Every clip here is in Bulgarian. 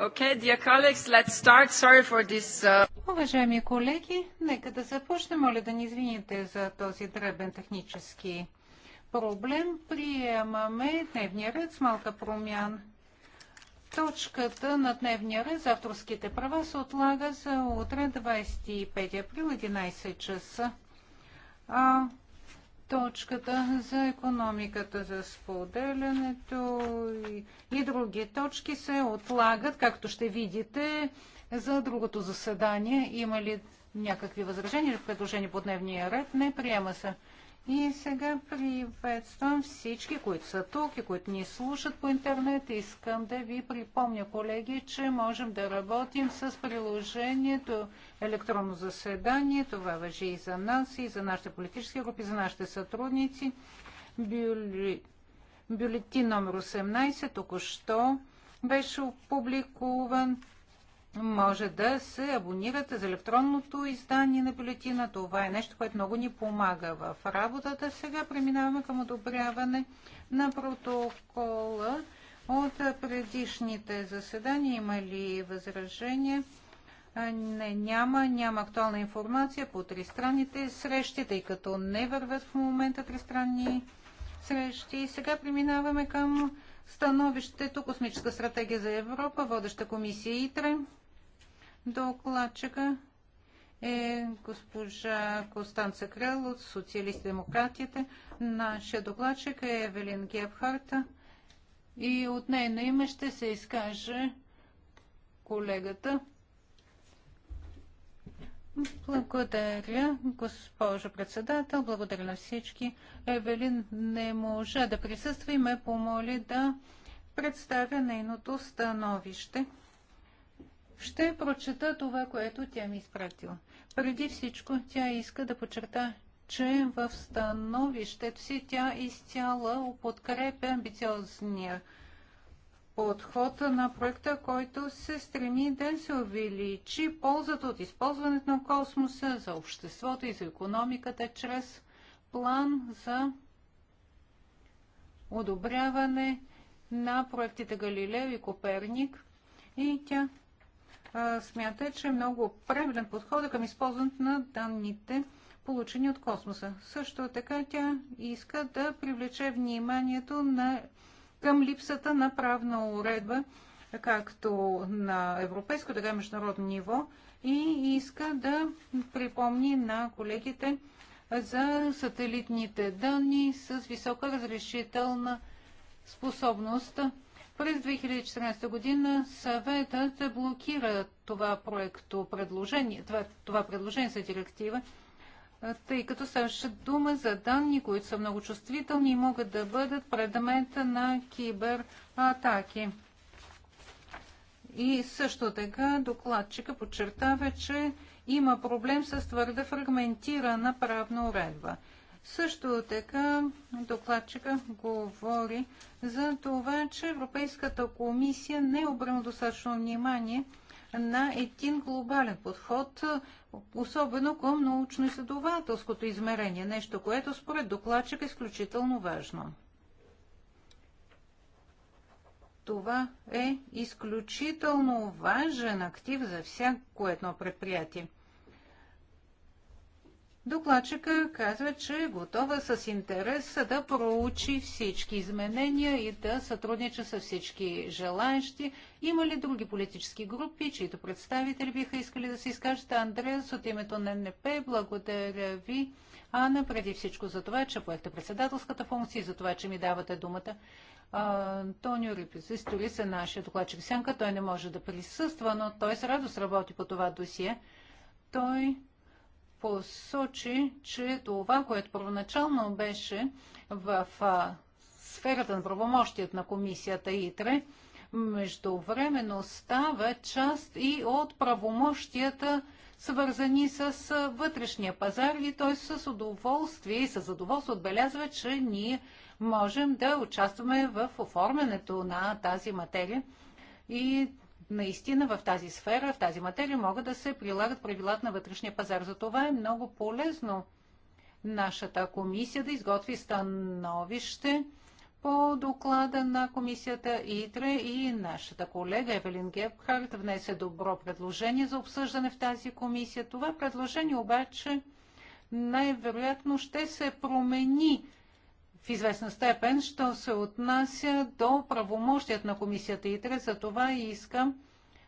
Okay, dear colleagues, let's start. Sorry for this, uh... Уважаеми колеги, нека да започнем. Моля да ни извините за този дребен технически проблем. Приемаме дневния ред с малка промян. Точката на дневния ред за авторските права се отлага за утре 25 април 11 часа. А точката за економиката, за споделянето и, и други точки се отлагат, както ще видите, за другото заседание. Има ли някакви възражения или предложения по дневния ред? Не приема се. И сега приветствам всички, които са тук и които ни слушат по интернет. Искам да ви припомня, колеги, че можем да работим с приложението електронно заседание. Това въжи и за нас, и за нашите политически групи, за нашите сътрудници. Бюли... Бюлетин номер 18 току-що беше публикуван. Може да се абонирате за електронното издание на бюлетина. Това е нещо, което много ни помага в работата. Сега преминаваме към одобряване на протокола от предишните заседания. Има ли възражения? Не, няма. Няма актуална информация по тристранните срещи, тъй като не вървят в момента тристранни срещи. И сега преминаваме към становището Космическа стратегия за Европа, водеща комисия ИТРЕ. Докладчика е госпожа Костанца Крел от Социалисти демократите. Нашия докладчик е Евелин Гебхарта и от нейно име ще се изкаже колегата благодаря, госпожо председател. Благодаря на всички. Евелин не може да присъства и ме помоли да представя нейното становище. Ще прочета това, което тя ми е изпратила. Преди всичко тя иска да почерта, че в становището си тя изцяла подкрепя амбициозния подход на проекта, който се стреми да се увеличи ползата от използването на космоса за обществото и за економиката чрез план за одобряване на проектите Галилео и Коперник. И тя а, смята, че е много правилен подход към използването на данните, получени от космоса. Също така тя иска да привлече вниманието на към липсата на правна уредба, както на европейско, така и международно ниво и иска да припомни на колегите за сателитните данни с висока разрешителна способност. През 2014 година съветът блокира това проекто предложение, това, това предложение за директива тъй като ставаше дума за данни, които са много чувствителни и могат да бъдат предмет на кибератаки. И също така докладчика подчертава, че има проблем с твърде фрагментирана правна уредба. Също така докладчика говори за това, че Европейската комисия не е обрана достатъчно внимание – на един глобален подход, особено към научно-изследователското измерение, нещо, което според докладчик е изключително важно. Това е изключително важен актив за всяко едно предприятие. Докладчика казва, че е готова с интерес да проучи всички изменения и да сътрудничи с всички желаящи. Има ли други политически групи, чието представители биха искали да се изкажат? Андреас от името на НП, благодаря ви. Ана, преди всичко за това, че поехте председателската функция и за това, че ми давате думата. Антонио Рипис, истори се нашия докладчик Сянка. Той не може да присъства, но той с радост работи по това досие. Той посочи, че това, което първоначално беше в сферата на правомощият на комисията ИТРЕ, междувременно става част и от правомощията, свързани с вътрешния пазар и той с удоволствие и с задоволство отбелязва, че ние можем да участваме в оформянето на тази материя. И наистина в тази сфера, в тази материя могат да се прилагат правилата на вътрешния пазар. За това е много полезно нашата комисия да изготви становище по доклада на комисията ИТРЕ и нашата колега Евелин Гебхарт внесе добро предложение за обсъждане в тази комисия. Това предложение обаче най-вероятно ще се промени в известна степен, що се отнася до правомощият на комисията ИТРЕ. За това искам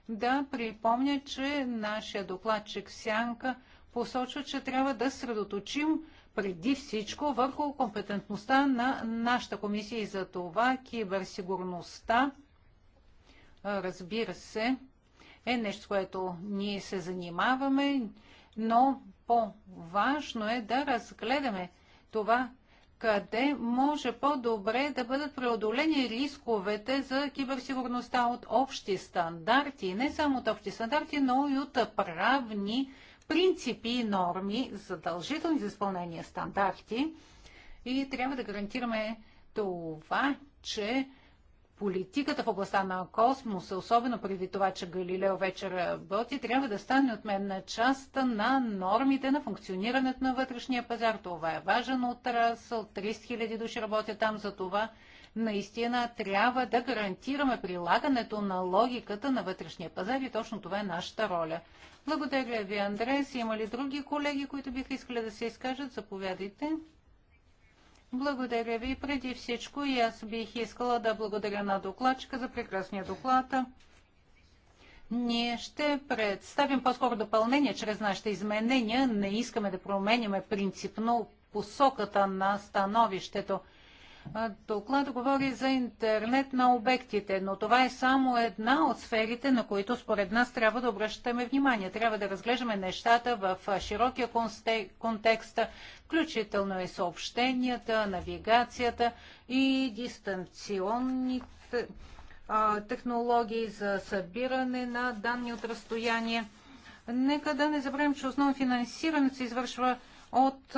да припомня, че нашия докладчик Сянка посочва, че трябва да средоточим преди всичко върху компетентността на нашата комисия и за това киберсигурността, разбира се, е нещо, което ние се занимаваме, но по-важно е да разгледаме това къде може по-добре да бъдат преодолени рисковете за киберсигурността от общи стандарти, не само от общи стандарти, но и от правни принципи и норми, задължителни за изпълнение стандарти. И трябва да гарантираме това, че политиката в областта на космоса, особено преди това, че Галилео вече работи, трябва да стане от мен на част на нормите на функционирането на вътрешния пазар. Това е важен отрасъл, 30 000 души работят там за това. Наистина трябва да гарантираме прилагането на логиката на вътрешния пазар и точно това е нашата роля. Благодаря ви, Андрес. Има ли други колеги, които биха искали да се изкажат? Заповядайте. Благодаря ви. Преди всичко и аз бих искала да благодаря на докладчика за прекрасния доклад. Ние ще представим по-скоро допълнение чрез нашите изменения. Не искаме да променяме принципно посоката на становището. Доклад говори за интернет на обектите, но това е само една от сферите, на които според нас трябва да обръщаме внимание. Трябва да разглеждаме нещата в широкия контекст, включително и съобщенията, навигацията и дистанционните технологии за събиране на данни от разстояние. Нека да не забравим, че основно финансирането се извършва от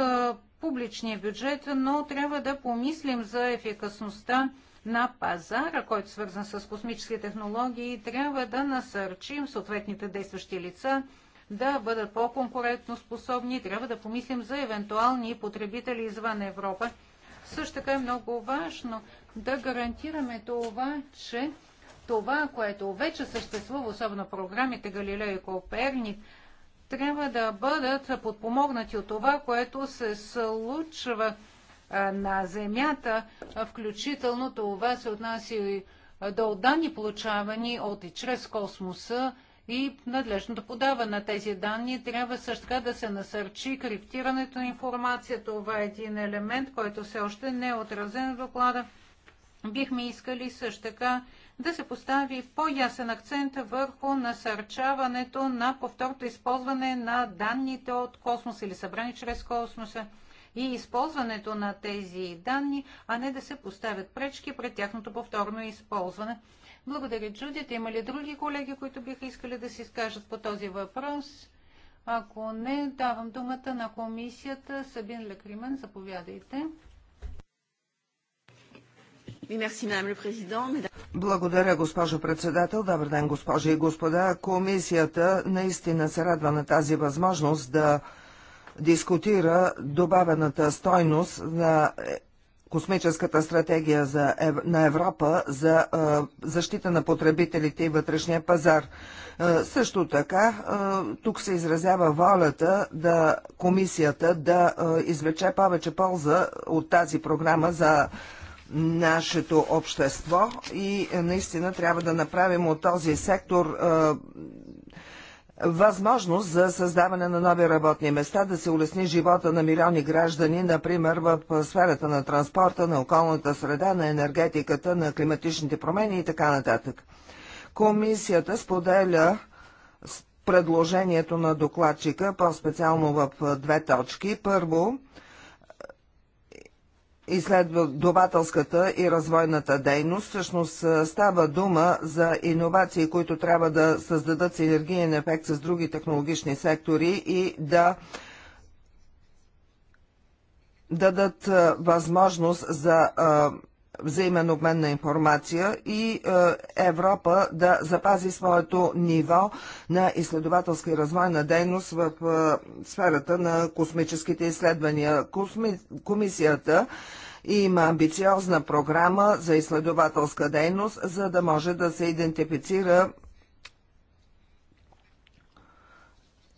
публичния бюджет, но трябва да помислим за ефикасността на пазара, който е свързан с космически технологии, трябва да насърчим съответните действащи лица да бъдат по-конкурентно способни, трябва да помислим за евентуални потребители извън Европа. Също така е много важно да гарантираме това, че това, което вече съществува, особено програмите Галилео и Коперник, трябва да бъдат подпомогнати от това, което се случва на Земята, включително това се отнася и до данни, получавани от и чрез космоса и надлежното подаване на тези данни. Трябва също така да се насърчи криптирането на информация. Това е един елемент, който все още не е отразен в доклада. Бихме искали също така да се постави по-ясен акцент върху насърчаването на повторното използване на данните от космоса или събрани чрез космоса и използването на тези данни, а не да се поставят пречки пред тяхното повторно използване. Благодаря, Джудит. Има ли други колеги, които биха искали да се изкажат по този въпрос? Ако не, давам думата на комисията. Сабин Лекримен, заповядайте. Благодаря, госпожо председател. Добър ден, госпожи и господа. Комисията наистина се радва на тази възможност да дискутира добавената стойност на е, космическата стратегия за, на Европа за е, защита на потребителите и вътрешния пазар. Е, също така, тук се изразява волята да комисията да а, извлече повече полза от тази програма за нашето общество и е, наистина трябва да направим от този сектор е, възможност за създаване на нови работни места, да се улесни живота на милиони граждани, например в е, сферата на транспорта, на околната среда, на енергетиката, на климатичните промени и така нататък. Комисията споделя предложението на докладчика, по-специално в две точки. Първо, изследователската и развойната дейност. Всъщност става дума за иновации, които трябва да създадат синергиен ефект с други технологични сектори и да дадат възможност за взаимен обмен на информация и е, Европа да запази своето ниво на изследователска и развойна дейност в е, сферата на космическите изследвания. Комисията и има амбициозна програма за изследователска дейност, за да може да се идентифицира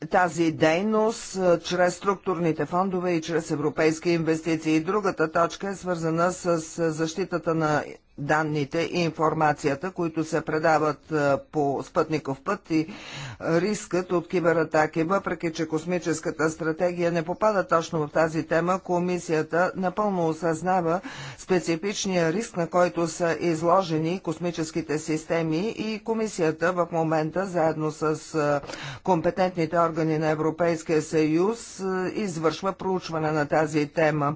тази дейност чрез структурните фондове и чрез европейски инвестиции. Другата точка е свързана с защитата на данните и информацията, които се предават е, по спътников път и рискът от кибератаки. Въпреки, че космическата стратегия не попада точно в тази тема, комисията напълно осъзнава специфичния риск, на който са изложени космическите системи и комисията в момента, заедно с е, компетентните органи на Европейския съюз, е, извършва проучване на тази тема.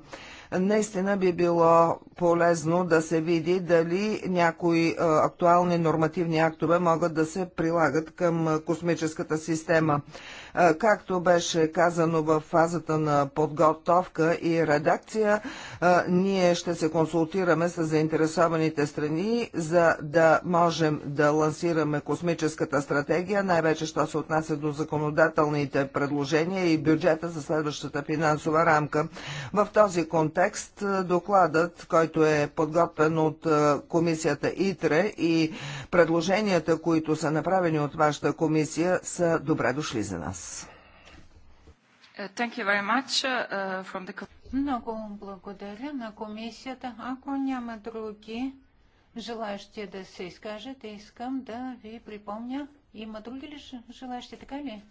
Наистина би било полезно да се види дали някои актуални нормативни актове могат да се прилагат към космическата система. Както беше казано в фазата на подготовка и редакция, ние ще се консултираме с заинтересованите страни, за да можем да лансираме космическата стратегия, най-вече що се отнася до законодателните предложения и бюджета за следващата финансова рамка. В този контекст докладът, който е подготвен от комисията ИТРЕ и предложенията, които са направени от вашата комисия, са добре дошли за нас. Много благодаря на комисията. Ако няма други желащи да се изкажат, искам да ви припомня. Има други ли желащи? така ли?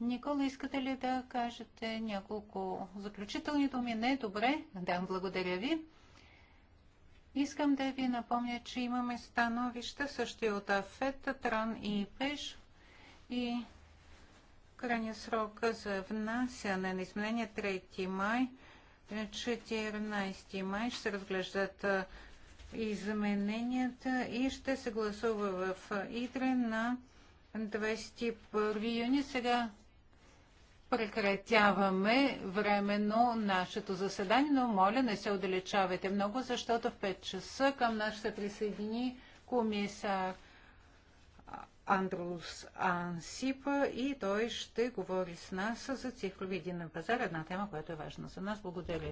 Никола, искате ли да кажете няколко заключителни думи? Не, добре. Да, благодаря ви. Искам да ви напомня, че имаме становища също и от Афет, Тран и Пеш. И крайния срок за внасяне на изменения 3 май. 14 май ще се разглеждат измененията и ще се гласува в Идре на 21 юни. Сега прекратяваме временно нашето заседание, но моля не се отдалечавайте много, защото в 5 часа към нас ще присъедини комисар Андрус Ансип и той ще говори с нас за цифрови един пазар, една тема, която е важна за нас. Благодаря.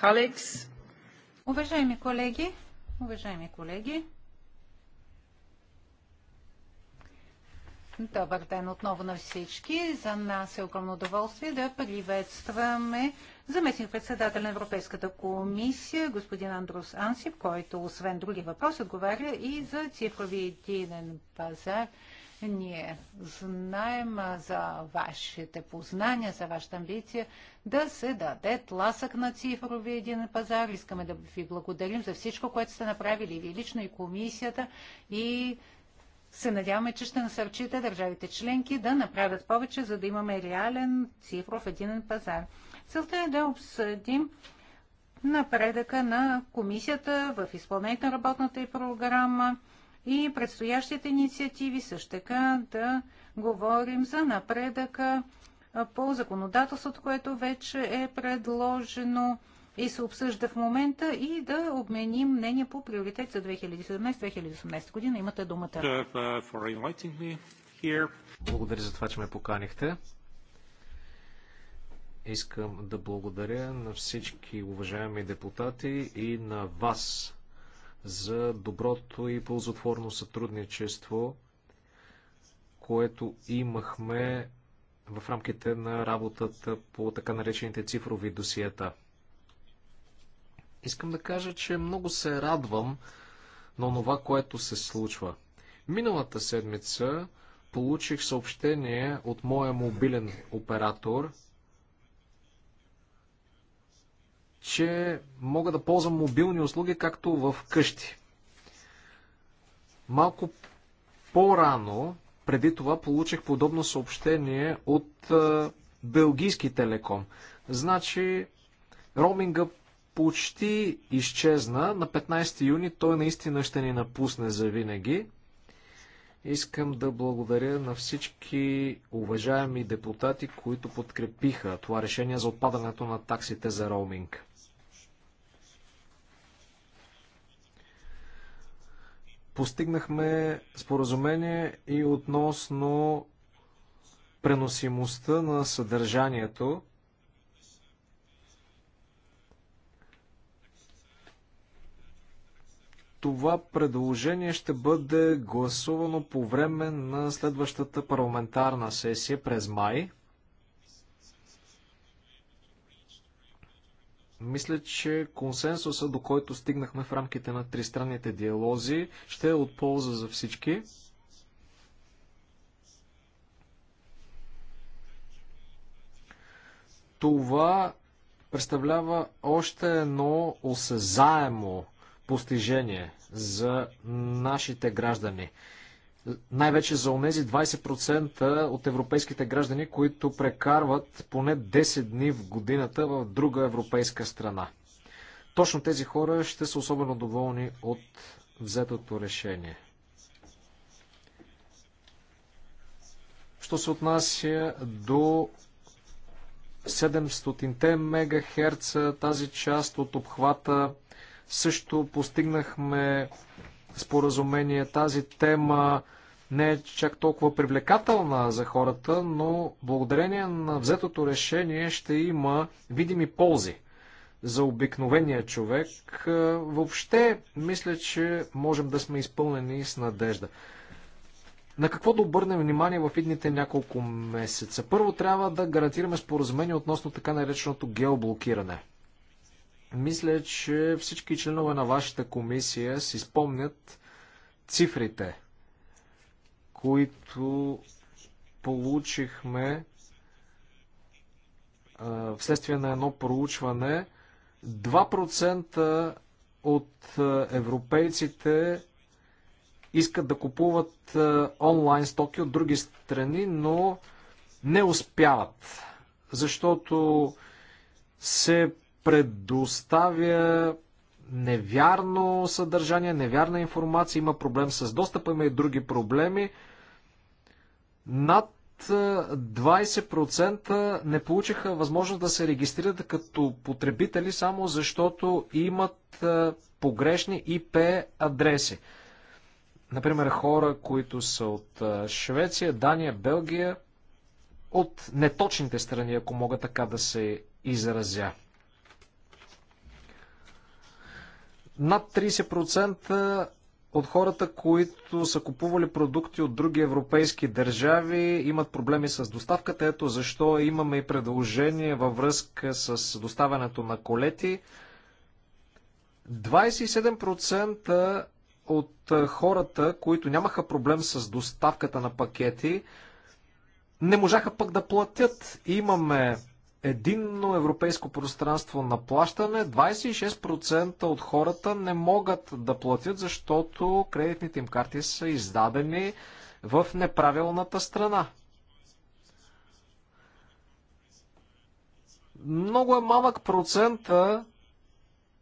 colleagues. Уважаеми колеги, уважаеми колеги, Добър ден отново на всички. За нас е огромно удоволствие да приветстваме заместник председател на Европейската комисия, господин Андрус Ансип, който освен други въпроси отговаря и за цифрови единен пазар ние знаем за вашите познания, за вашата амбиция да се даде тласък на цифрови един пазар. Искаме да ви благодарим за всичко, което сте направили ви лично и комисията и се надяваме, че ще насърчите държавите членки да направят повече, за да имаме реален цифров единен пазар. Целта е да обсъдим напредъка на комисията в изпълнението на работната и програма и предстоящите инициативи, също така да говорим за напредъка по законодателството, което вече е предложено и се обсъжда в момента и да обменим мнение по приоритет за 2017-2018 година. Имате думата. Uh, благодаря за това, че ме поканихте. Искам да благодаря на всички уважаеми депутати и на вас, за доброто и ползотворно сътрудничество, което имахме в рамките на работата по така наречените цифрови досиета. Искам да кажа, че много се радвам на това, което се случва. Миналата седмица получих съобщение от моя мобилен оператор – че мога да ползвам мобилни услуги както в къщи. Малко по-рано, преди това, получих подобно съобщение от е, Белгийски телеком. Значи, роуминга почти изчезна. На 15 юни той наистина ще ни напусне за винаги. Искам да благодаря на всички уважаеми депутати, които подкрепиха това решение за отпадането на таксите за роуминг. Постигнахме споразумение и относно преносимостта на съдържанието това предложение ще бъде гласувано по време на следващата парламентарна сесия през май. Мисля, че консенсуса, до който стигнахме в рамките на тристранните диалози, ще е от полза за всички. Това представлява още едно осезаемо постижение за нашите граждани. Най-вече за онези 20% от европейските граждани, които прекарват поне 10 дни в годината в друга европейска страна. Точно тези хора ще са особено доволни от взетото решение. Що се отнася до 700 мегахерца, тази част от обхвата също постигнахме споразумение. Тази тема не е чак толкова привлекателна за хората, но благодарение на взетото решение ще има видими ползи за обикновения човек. Е, въобще, мисля, че можем да сме изпълнени с надежда. На какво да обърнем внимание в идните няколко месеца? Първо трябва да гарантираме споразумение относно така нареченото геоблокиране. Мисля, че всички членове на вашата комисия си спомнят цифрите, които получихме вследствие на едно проучване. 2% от европейците искат да купуват онлайн стоки от други страни, но не успяват, защото се предоставя невярно съдържание, невярна информация, има проблем с достъпа, има и други проблеми. Над 20% не получиха възможност да се регистрират като потребители само защото имат погрешни IP адреси. Например, хора, които са от Швеция, Дания, Белгия, от неточните страни, ако мога така да се изразя. Над 30% от хората, които са купували продукти от други европейски държави, имат проблеми с доставката. Ето защо имаме и предложение във връзка с доставянето на колети. 27% от хората, които нямаха проблем с доставката на пакети, не можаха пък да платят. Имаме единно европейско пространство на плащане, 26% от хората не могат да платят, защото кредитните им карти са издадени в неправилната страна. Много е малък процента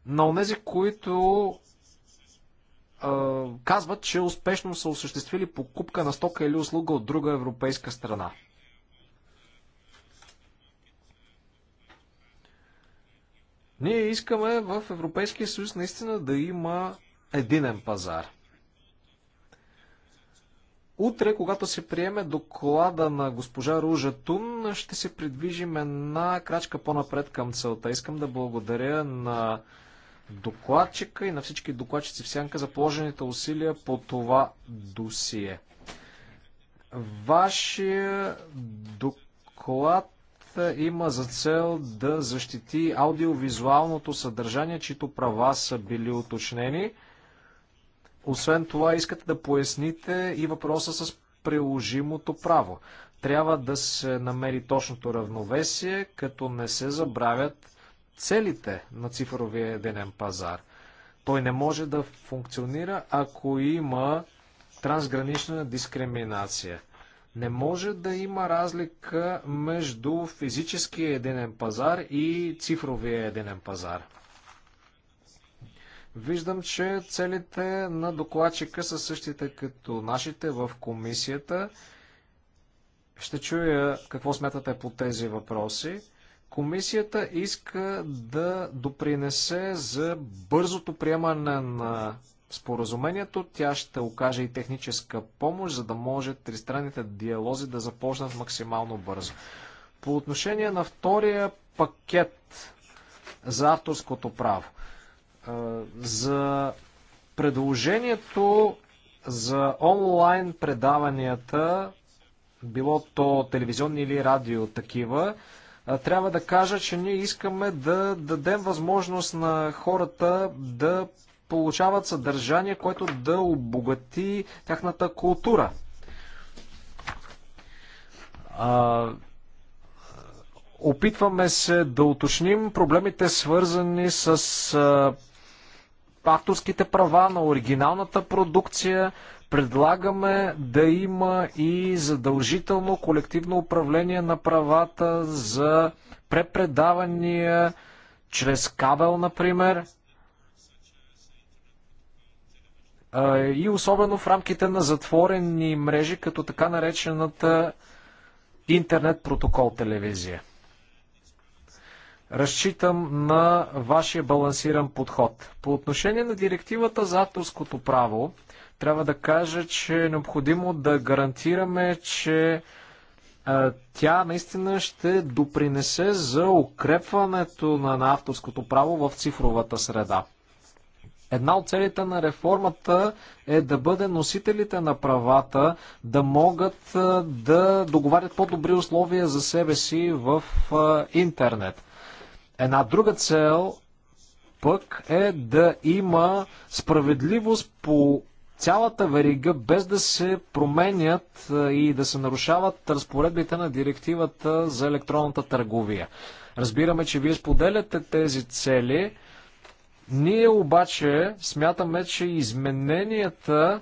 на онези, които е, казват, че успешно са осъществили покупка на стока или услуга от друга европейска страна. Ние искаме в Европейския съюз наистина да има единен пазар. Утре, когато се приеме доклада на госпожа Ружа Тун, ще се придвижим една крачка по-напред към целта. Искам да благодаря на докладчика и на всички докладчици в сянка за положените усилия по това досие. Вашия доклад има за цел да защити аудиовизуалното съдържание, чието права са били уточнени. Освен това, искате да поясните и въпроса с приложимото право. Трябва да се намери точното равновесие, като не се забравят целите на цифровия единен пазар. Той не може да функционира, ако има трансгранична дискриминация – не може да има разлика между физическия единен пазар и цифровия единен пазар. Виждам, че целите на докладчика са същите като нашите в комисията. Ще чуя какво смятате по тези въпроси. Комисията иска да допринесе за бързото приемане на споразумението. Тя ще окаже и техническа помощ, за да може тристранните диалози да започнат максимално бързо. По отношение на втория пакет за авторското право, за предложението за онлайн предаванията, било то телевизионни или радио такива, трябва да кажа, че ние искаме да дадем възможност на хората да получават съдържание, което да обогати тяхната култура. А, опитваме се да уточним проблемите свързани с а, авторските права на оригиналната продукция. Предлагаме да има и задължително колективно управление на правата за препредавания чрез кабел, например. и особено в рамките на затворени мрежи, като така наречената интернет протокол телевизия. Разчитам на вашия балансиран подход. По отношение на директивата за авторското право, трябва да кажа, че е необходимо да гарантираме, че тя наистина ще допринесе за укрепването на, авторското право в цифровата среда. Една от целите на реформата е да бъде носителите на правата да могат да договарят по-добри условия за себе си в интернет. Една друга цел пък е да има справедливост по цялата верига, без да се променят и да се нарушават разпоредбите на директивата за електронната търговия. Разбираме, че вие споделяте тези цели. Ние обаче смятаме, че измененията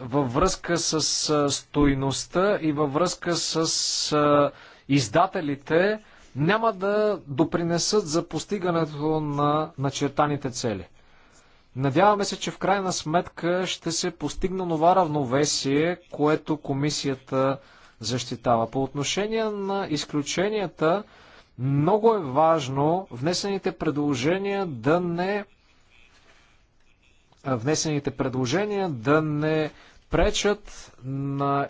във връзка с стойността и във връзка с издателите няма да допринесат за постигането на начертаните цели. Надяваме се, че в крайна сметка ще се постигне нова равновесие, което комисията защитава. По отношение на изключенията, много е важно внесените предложения да не внесените предложения да не пречат на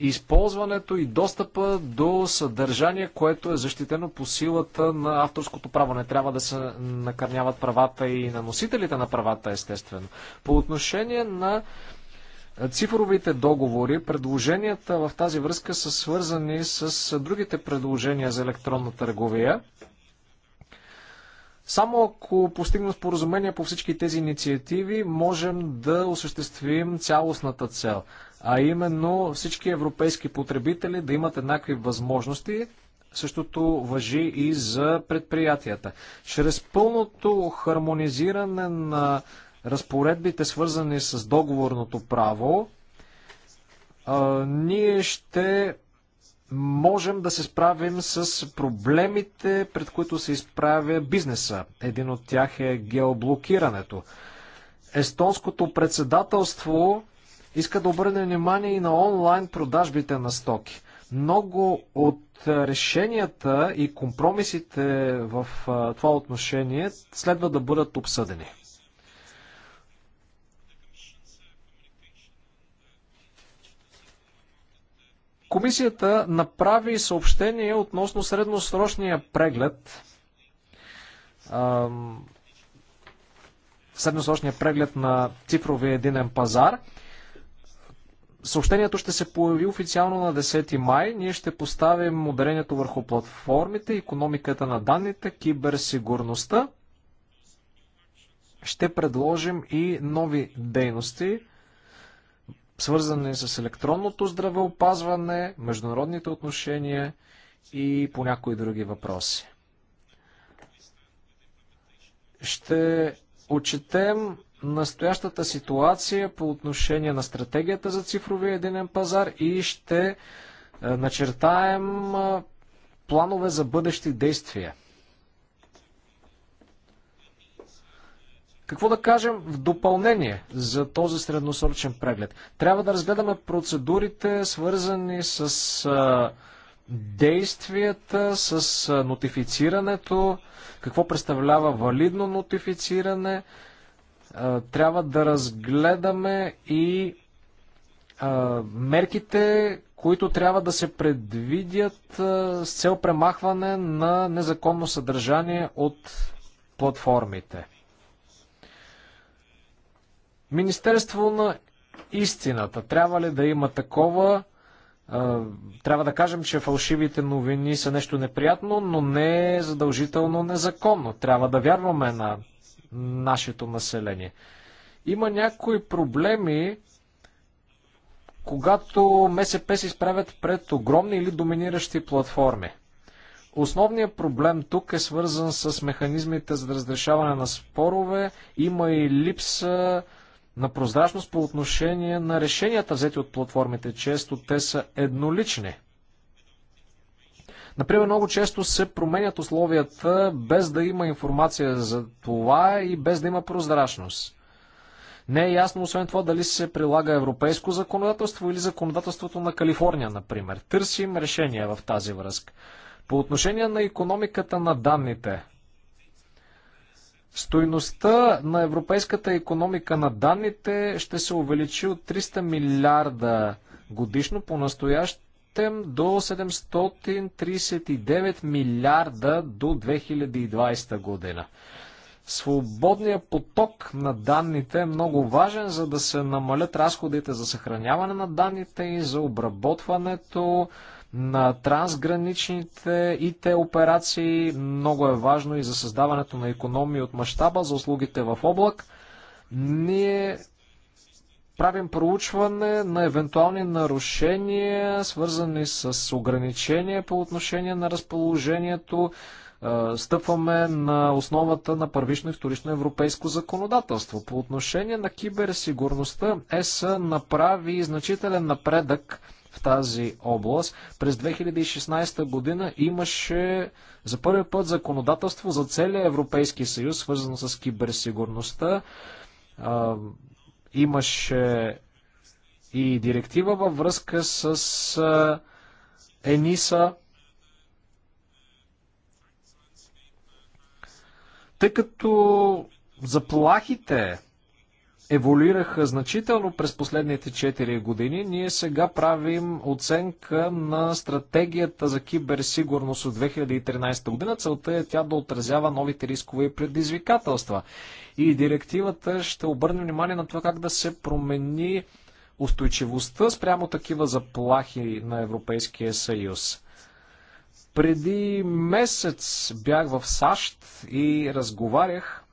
използването и достъпа до съдържание, което е защитено по силата на авторското право. Не трябва да се накърняват правата и на носителите на правата, естествено. По отношение на цифровите договори, предложенията в тази връзка са свързани с другите предложения за електронна търговия. Само ако постигнем споразумение по всички тези инициативи, можем да осъществим цялостната цел, а именно всички европейски потребители да имат еднакви възможности. Същото въжи и за предприятията. Чрез пълното хармонизиране на разпоредбите, свързани с договорното право, ние ще можем да се справим с проблемите, пред които се изправя бизнеса. Един от тях е геоблокирането. Естонското председателство иска да обърне внимание и на онлайн продажбите на стоки. Много от решенията и компромисите в това отношение следва да бъдат обсъдени. Комисията направи съобщение относно средносрочния преглед. Средносрочния преглед на цифровия единен пазар. Съобщението ще се появи официално на 10 май. Ние ще поставим ударението върху платформите, економиката на данните, киберсигурността. Ще предложим и нови дейности свързани с електронното здравеопазване, международните отношения и по някои други въпроси. Ще отчетем настоящата ситуация по отношение на стратегията за цифровия единен пазар и ще е, начертаем е, планове за бъдещи действия Какво да кажем в допълнение за този средносрочен преглед? Трябва да разгледаме процедурите, свързани с а, действията, с а, нотифицирането, какво представлява валидно нотифициране. А, трябва да разгледаме и а, мерките, които трябва да се предвидят а, с цел премахване на незаконно съдържание от платформите. Министерство на истината. Трябва ли да има такова? Трябва да кажем, че фалшивите новини са нещо неприятно, но не е задължително незаконно. Трябва да вярваме на нашето население. Има някои проблеми, когато МСП се изправят пред огромни или доминиращи платформи. Основният проблем тук е свързан с механизмите за разрешаване на спорове. Има и липса на прозрачност по отношение на решенията, взети от платформите. Често те са еднолични. Например, много често се променят условията без да има информация за това и без да има прозрачност. Не е ясно, освен това, дали се прилага европейско законодателство или законодателството на Калифорния, например. Търсим решение в тази връзка. По отношение на економиката на данните – Стойността на европейската економика на данните ще се увеличи от 300 милиарда годишно по настоящем до 739 милиарда до 2020 година. Свободният поток на данните е много важен, за да се намалят разходите за съхраняване на данните и за обработването, на трансграничните ИТ операции. Много е важно и за създаването на економии от мащаба за услугите в облак. Ние правим проучване на евентуални нарушения, свързани с ограничения по отношение на разположението. Е, стъпваме на основата на първично и вторично европейско законодателство. По отношение на киберсигурността, ЕС направи значителен напредък в тази област. През 2016 година имаше за първи път законодателство за целия Европейски съюз, свързано с киберсигурността. имаше и директива във връзка с ЕНИСА. Тъй като заплахите еволюираха значително през последните 4 години. Ние сега правим оценка на стратегията за киберсигурност от 2013 година. Целта е тя да отразява новите рискове и предизвикателства. И директивата ще обърне внимание на това как да се промени устойчивостта спрямо такива заплахи на Европейския съюз. Преди месец бях в САЩ и разговарях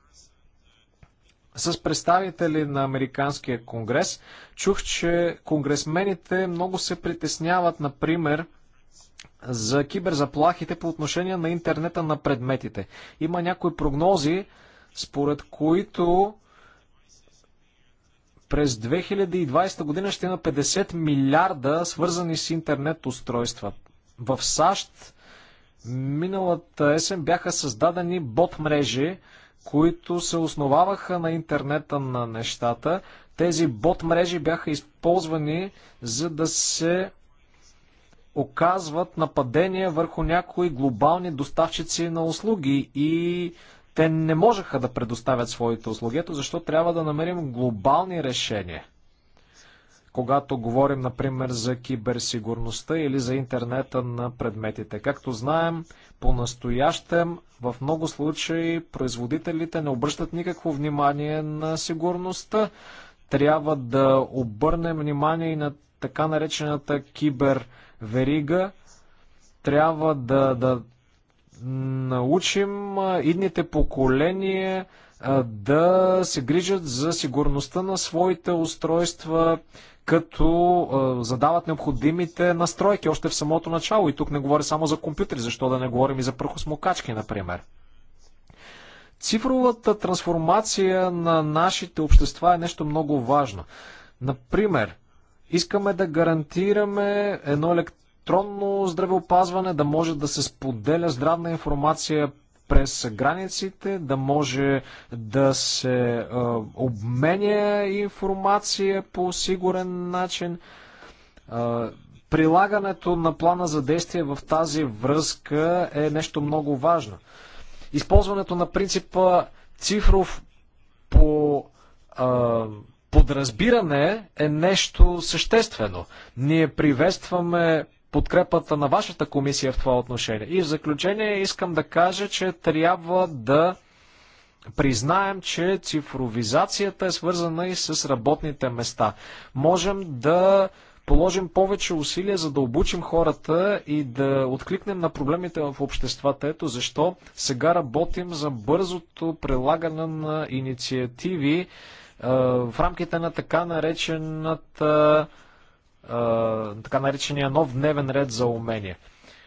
с представители на Американския конгрес. Чух, че конгресмените много се притесняват, например, за киберзаплахите по отношение на интернета на предметите. Има някои прогнози, според които през 2020 година ще има 50 милиарда свързани с интернет устройства. В САЩ миналата есен бяха създадени бот мрежи, които се основаваха на интернета на нещата. Тези бот мрежи бяха използвани за да се оказват нападения върху някои глобални доставчици на услуги и те не можеха да предоставят своите услуги. Ето защо трябва да намерим глобални решения – когато говорим, например, за киберсигурността или за интернета на предметите. Както знаем, по-настоящем в много случаи производителите не обръщат никакво внимание на сигурността. Трябва да обърнем внимание и на така наречената киберверига. Трябва да, да научим идните поколения да се грижат за сигурността на своите устройства, като задават необходимите настройки още в самото начало. И тук не говоря само за компютри, защо да не говорим и за пръхосмокачки, например. Цифровата трансформация на нашите общества е нещо много важно. Например, искаме да гарантираме едно електронно здравеопазване, да може да се споделя здравна информация през границите, да може да се обменя информация по сигурен начин. прилагането на плана за действие в тази връзка е нещо много важно. Използването на принципа цифров по подразбиране е нещо съществено. Ние приветстваме подкрепата на вашата комисия в това отношение. И в заключение искам да кажа, че трябва да признаем, че цифровизацията е свързана и с работните места. Можем да положим повече усилия, за да обучим хората и да откликнем на проблемите в обществата. Ето защо сега работим за бързото прилагане на инициативи в рамките на така наречената така наречения нов дневен ред за умения.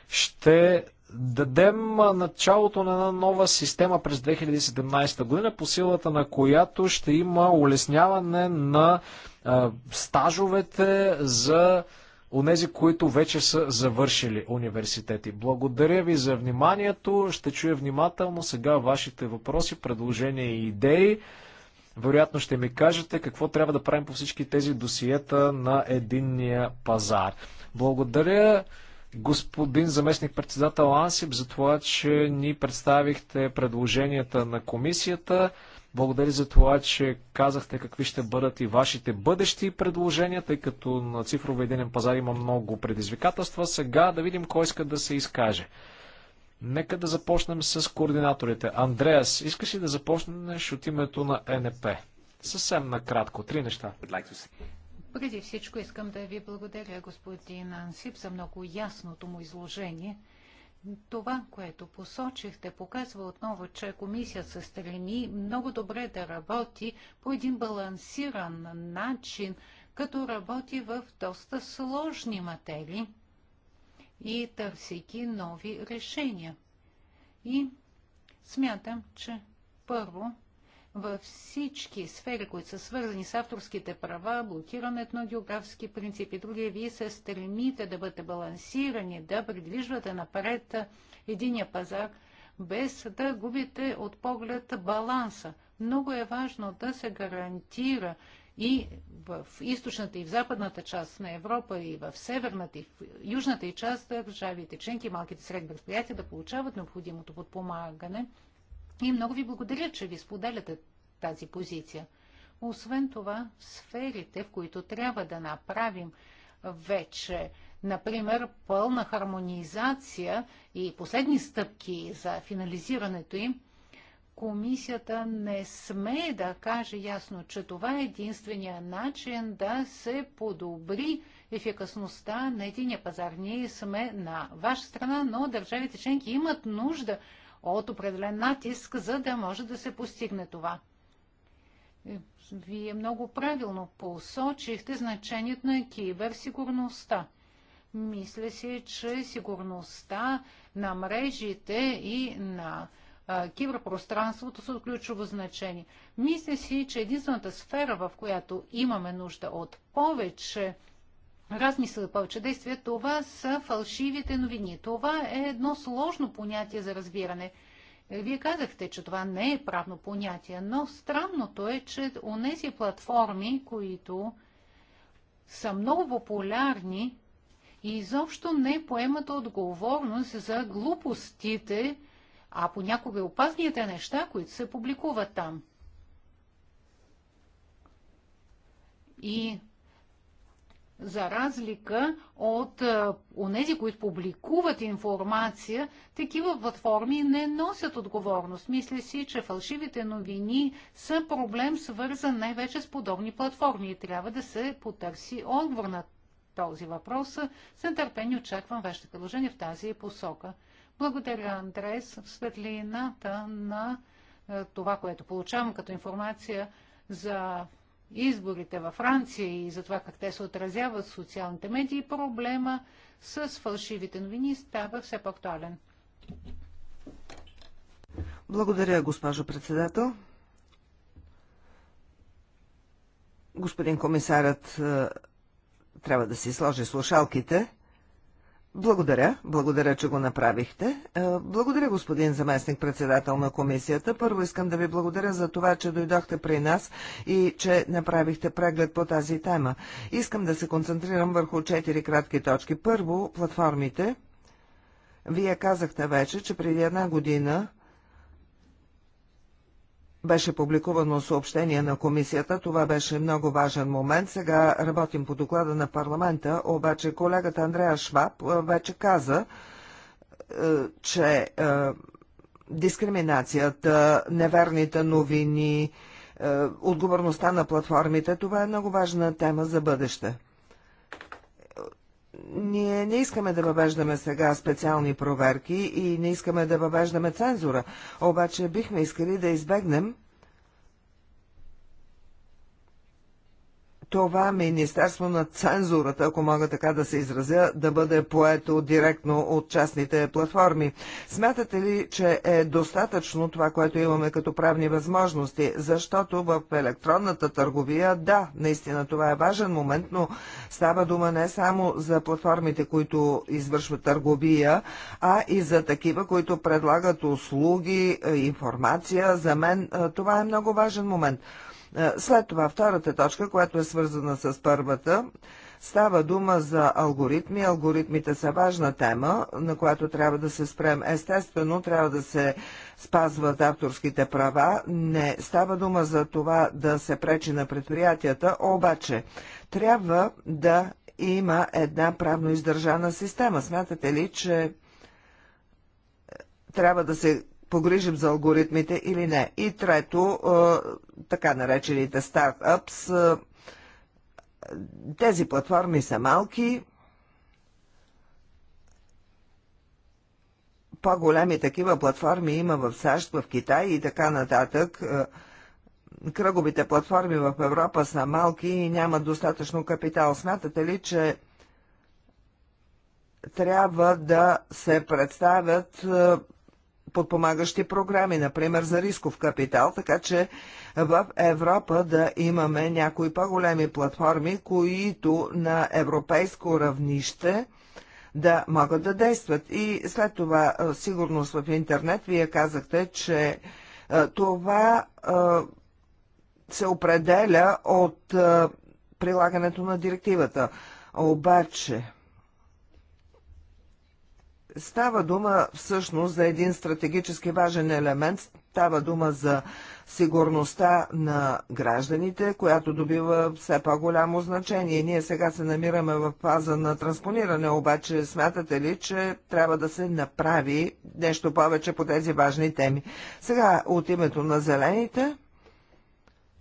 Ще дадем началото на една нова система през 2017 година, по силата на която ще има улесняване на стажовете за онези, които вече са завършили университети. Благодаря ви за вниманието. Ще чуя внимателно сега вашите въпроси, предложения и идеи. Вероятно ще ми кажете какво трябва да правим по всички тези досиета на единния пазар. Благодаря господин заместник председател Ансип за това, че ни представихте предложенията на комисията. Благодаря за това, че казахте какви ще бъдат и вашите бъдещи предложения, тъй като на цифрово единен пазар има много предизвикателства. Сега да видим кой иска да се изкаже. Нека да започнем с координаторите. Андреас, искаш ли да започнеш от името на НП? Съвсем накратко, три неща. Преди всичко искам да ви благодаря, господин Ансип, за много ясното му изложение. Това, което посочихте, показва отново, че комисията се страни много добре да работи по един балансиран начин, като работи в доста сложни материи – и търсейки нови решения. И смятам, че първо във всички сфери, които са свързани с авторските права, блокирането на географски принципи, други, вие се стремите да бъдете балансирани, да придвижвате напред единия пазар, без да губите от поглед баланса. Много е важно да се гарантира, и в източната и в западната част на Европа, и в северната и в южната и част държавите членки, и малките средни предприятия да получават необходимото подпомагане. И много ви благодаря, че ви споделяте тази позиция. Освен това, сферите, в които трябва да направим вече, например, пълна хармонизация и последни стъпки за финализирането им, комисията не сме да каже ясно, че това е единствения начин да се подобри ефикасността на единия пазар. Ние сме на ваша страна, но държавите членки имат нужда от определен натиск, за да може да се постигне това. Е, вие много правилно посочихте значението на киберсигурността. Мисля си, че сигурността на мрежите и на киберпространството са ключово значение. Мисля си, че единствената сфера, в която имаме нужда от повече размисъл и повече действия, това са фалшивите новини. Това е едно сложно понятие за разбиране. Вие казахте, че това не е правно понятие, но странното е, че у нези платформи, които са много популярни и изобщо не поемат отговорност за глупостите, а понякога е и опасните неща, които се публикуват там. И за разлика от е, онези, които публикуват информация, такива платформи не носят отговорност. Мисля си, че фалшивите новини са проблем свързан най-вече с подобни платформи и трябва да се потърси отговор на този въпрос. С нетърпение очаквам вашето предложения в тази посока. Благодаря, Андрес. В светлината на е, това, което получавам като информация за изборите във Франция и за това как те се отразяват в социалните медии, проблема с фалшивите новини става все по-актуален. Благодаря, госпожо председател. Господин комисарът е, трябва да си сложи слушалките. Благодаря. Благодаря, че го направихте. Е, благодаря, господин заместник председател на комисията. Първо искам да ви благодаря за това, че дойдохте при нас и че направихте преглед по тази тема. Искам да се концентрирам върху четири кратки точки. Първо, платформите. Вие казахте вече, че преди една година беше публикувано съобщение на комисията. Това беше много важен момент. Сега работим по доклада на парламента, обаче колегата Андрея Шваб вече каза, че дискриминацията, неверните новини, отговорността на платформите, това е много важна тема за бъдеще ние не искаме да въвеждаме сега специални проверки и не искаме да въвеждаме цензура, обаче бихме искали да избегнем това Министерство на цензурата, ако мога така да се изразя, да бъде поето директно от частните платформи. Смятате ли, че е достатъчно това, което имаме като правни възможности? Защото в електронната търговия, да, наистина това е важен момент, но става дума не само за платформите, които извършват търговия, а и за такива, които предлагат услуги, е, информация. За мен е, това е много важен момент. Е, след това втората точка, която е свързана с първата, Става дума за алгоритми. Алгоритмите са важна тема, на която трябва да се спрем. Естествено, трябва да се спазват авторските права. Не става дума за това да се пречи на предприятията, обаче трябва да има една правно издържана система. Смятате ли, че трябва да се погрижим за алгоритмите или не. И трето, така наречените стартъпс. Тези платформи са малки, по-големи такива платформи има в САЩ, в Китай и така нататък. Кръговите платформи в Европа са малки и нямат достатъчно капитал. Смятате ли, че трябва да се представят подпомагащи програми, например за рисков капитал, така че в Европа да имаме някои по-големи платформи, които на европейско равнище да могат да действат. И след това сигурност в интернет, вие казахте, че това се определя от прилагането на директивата. Обаче, Става дума всъщност за един стратегически важен елемент. Става дума за сигурността на гражданите, която добива все по-голямо значение. Ние сега се намираме в фаза на транспониране, обаче смятате ли, че трябва да се направи нещо повече по тези важни теми? Сега от името на зелените.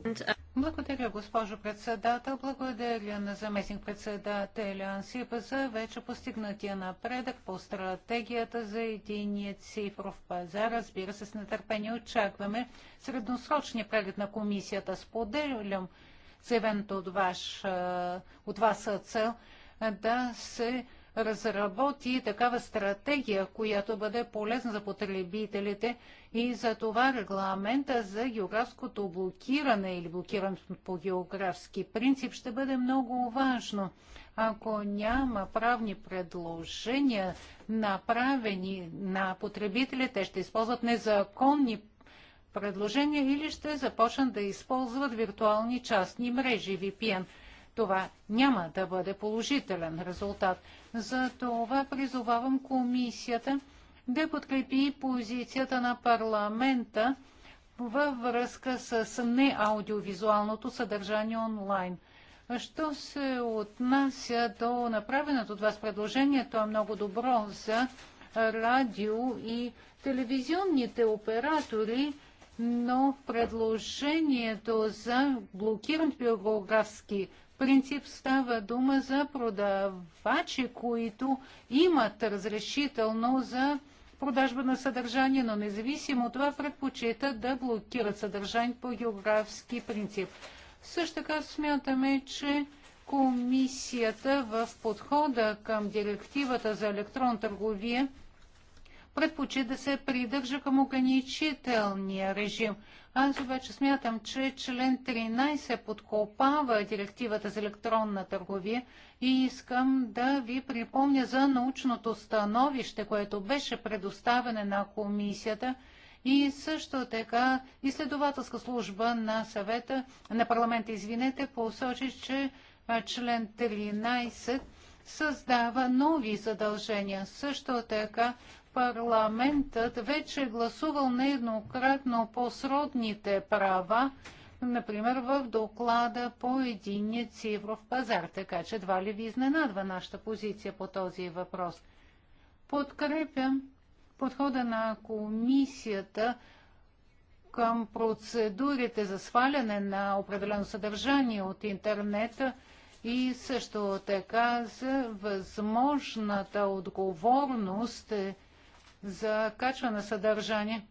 Uh, благодаря, госпожо председател. Благодаря на заместник председателя Ансипа за вече постигнатия напредък по стратегията за единия цифров пазар. Разбира се, с нетърпение очакваме средносрочния преглед на комисията. Споделям заявеното от, ваш, от вас цел да се разработи такава стратегия, която бъде полезна за потребителите и за това регламента за географското блокиране или блокирането по географски принцип ще бъде много важно. Ако няма правни предложения направени на потребителите, те ще използват незаконни предложения или ще започнат да използват виртуални частни мрежи VPN. Това няма да бъде положителен резултат. За това призовавам комисията да подкрепи позицията на парламента във връзка с неаудиовизуалното съдържание онлайн. Що се отнася до направеното от вас предложение, то е много добро за радио и телевизионните оператори, но предложението за блокиран географски принцип става дума за продавачи, които имат разрешително за продажба на съдържание, но независимо от това предпочитат да блокират съдържание по географски принцип. Също така смятаме, че комисията в подхода към директивата за електрон търговия предпочита да се придържа към ограничителния режим – аз обаче смятам, че член 13 подкопава директивата за електронна търговия и искам да ви припомня за научното становище, което беше предоставено на комисията и също така изследователска служба на съвета на парламента, извинете, посочи, че член 13 създава нови задължения. Също така парламентът вече е гласувал нееднократно по сродните права, например в доклада по единния цифров пазар, така че едва ли ви изненадва нашата позиция по този въпрос. Подкрепям подхода на комисията към процедурите за сваляне на определено съдържание от интернета и също така за възможната отговорност за качване на съдържание.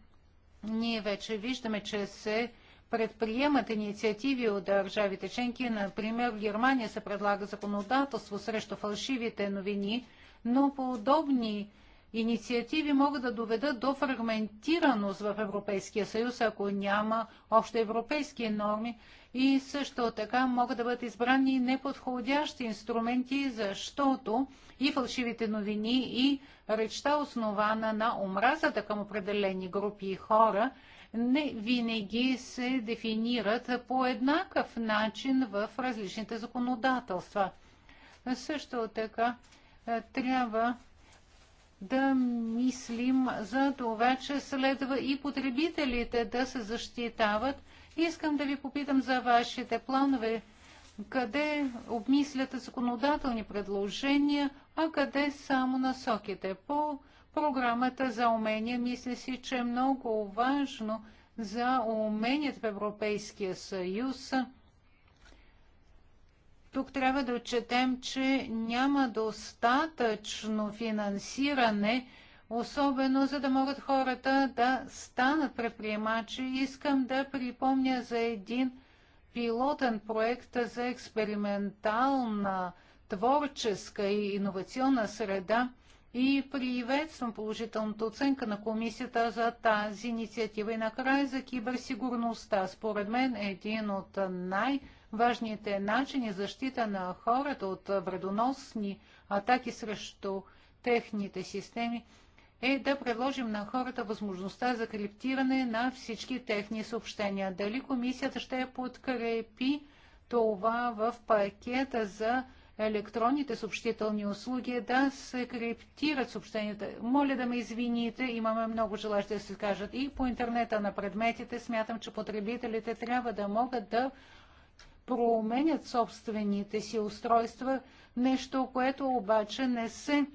Ние вече виждаме, че се предприемат инициативи от държавите членки. Например, в Германия се предлага законодателство срещу фалшивите новини, но подобни инициативи могат да доведат до фрагментираност в Европейския съюз, ако няма общо европейски норми и също така могат да бъдат избрани неподходящи инструменти, защото и фалшивите новини, и речта основана на омразата към определени групи хора не винаги се дефинират по еднакъв начин в различните законодателства. Също така е, трябва да мислим за това, че следва и потребителите да се защитават Искам да ви попитам за вашите планове, къде обмисляте законодателни предложения, а къде само насоките. По програмата за умения мисля си, че е много важно за уменията в Европейския съюз. Тук трябва да отчетем, че няма достатъчно финансиране особено за да могат хората да станат предприемачи. Искам да припомня за един пилотен проект за експериментална творческа и иновационна среда и приветствам положителната оценка на комисията за тази инициатива. И накрая за киберсигурността. Според мен е един от най-важните начини защита на хората от вредоносни атаки срещу техните системи е да предложим на хората възможността за криптиране на всички техни съобщения. Дали комисията ще подкрепи това в пакета за електронните съобщителни услуги да се криптират съобщенията. Моля да ме извините, имаме много желащи да се кажат и по интернета на предметите. Смятам, че потребителите трябва да могат да променят собствените си устройства, нещо, което обаче не се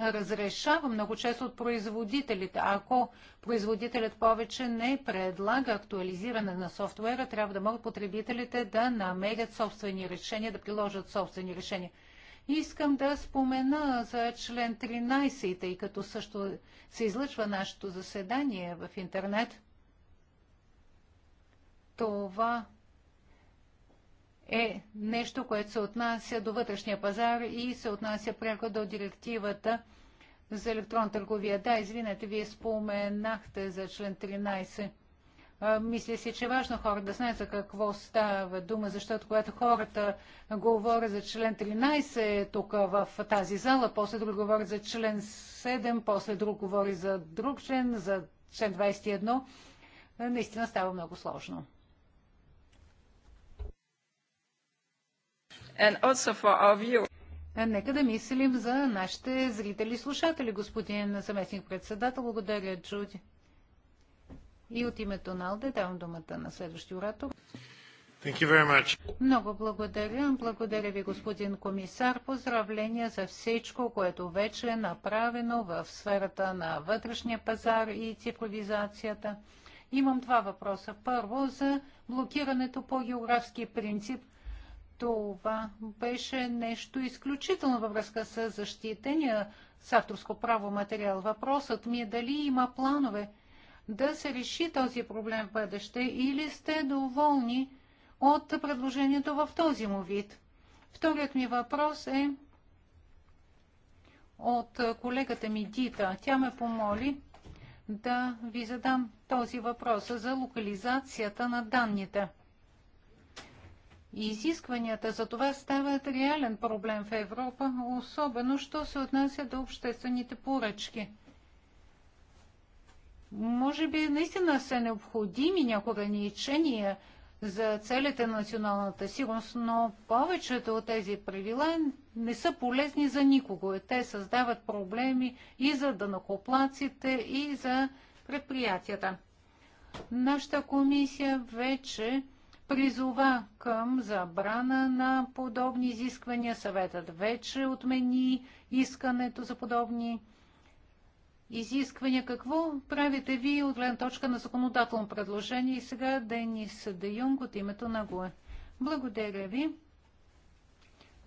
разрешава много често от производителите. Ако производителят повече не предлага актуализиране на софтуера, трябва да могат потребителите да намерят собствени решения, да приложат собствени решения. Искам да спомена за член 13, тъй като също се излъчва нашето заседание в интернет. Това е нещо, което се отнася до вътрешния пазар и се отнася пряко до директивата за електронна търговия. Да, извинете, вие споменахте за член 13. А, мисля си, че е важно хора да знаят за какво става дума, защото когато хората говорят за член 13 тук в тази зала, после друг говорят за член 7, после друг говори за друг член, за член 21, наистина става много сложно. and also for our Нека да мислим за нашите зрители и слушатели, господин заместник-председател. Благодаря, Джуди. И от името на Алде давам думата на следващия оратор. Thank you very much. Много благодаря. Благодаря ви, господин комисар. Поздравления за всичко, което вече е направено в сферата на вътрешния пазар и цифровизацията. Имам два въпроса. Първо, за блокирането по географски принцип – това беше нещо изключително във връзка с защитения с авторско право материал. Въпросът ми е дали има планове да се реши този проблем в бъдеще или сте доволни от предложението в този му вид. Вторият ми въпрос е от колегата ми Дита. Тя ме помоли да ви задам този въпрос за локализацията на данните изискванията за това стават реален проблем в Европа, особено що се отнася до обществените поръчки. Може би наистина са необходими някои ограничения за целите на националната сигурност, но повечето от тези правила не са полезни за никого. Те създават проблеми и за дънакоплаците, и за предприятията. Нашата комисия вече призова към забрана на подобни изисквания. Съветът вече отмени искането за подобни изисквания. Какво правите ви от гледна точка на законодателно предложение? И сега Денис Дейонг Юнг от името на ГУЕ. Благодаря ви.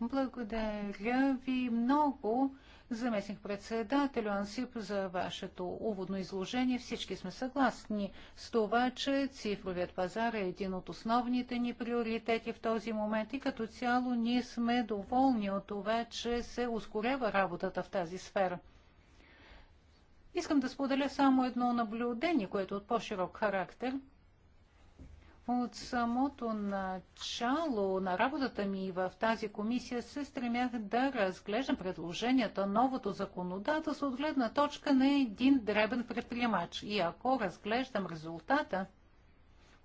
Благодаря ви много заместник председател Ансип за вашето уводно изложение. Всички сме съгласни с това, че цифровият пазар е един от основните ни приоритети в този момент и като цяло ние сме доволни от това, че се ускорява работата в тази сфера. Искам да споделя само едно наблюдение, което е от по-широк характер – от самото начало на работата ми в тази комисия се стремях да разглеждам предложенията, новото законодателство от гледна точка на един дребен предприемач. И ако разглеждам резултата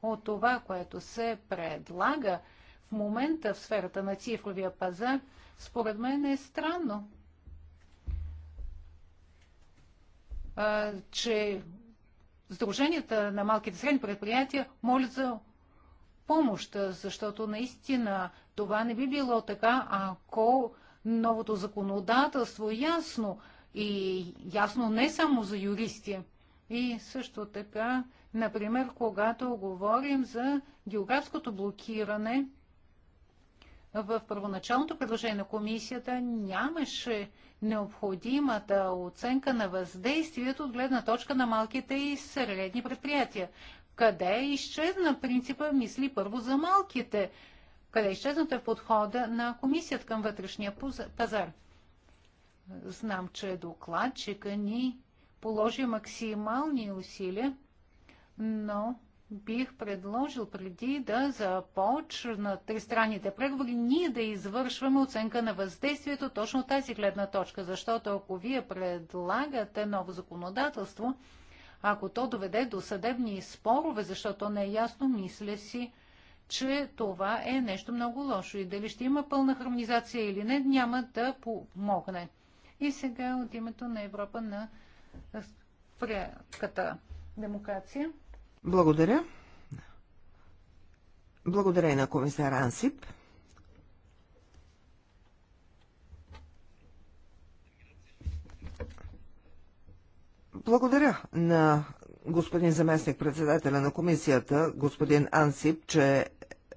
от това, което се предлага в момента в сферата на цифровия пазар, според мен е странно, че Сдруженията на малките и средни предприятия молят за помощ, защото наистина това не би било така, ако новото законодателство ясно и ясно не само за юристи. И също така, например, когато говорим за географското блокиране, в първоначалното предложение на комисията нямаше необходимата оценка на въздействието от гледна точка на малките и средни предприятия. Къде изчезна принципа мисли първо за малките? Къде изчезната в подхода на комисията към вътрешния пазар? Знам, че докладчика ни положи максимални усилия, но бих предложил преди да започнат тристранните преговори, ние да извършваме оценка на въздействието точно от тази гледна точка, защото ако вие предлагате ново законодателство, ако то доведе до съдебни спорове, защото не е ясно, мисля си, че това е нещо много лошо. И дали ще има пълна хармонизация или не, няма да помогне. И сега от името на Европа на пряката демокрация. Благодаря. Благодаря и на комисар Ансип. Благодаря на господин заместник председателя на комисията, господин Ансип, че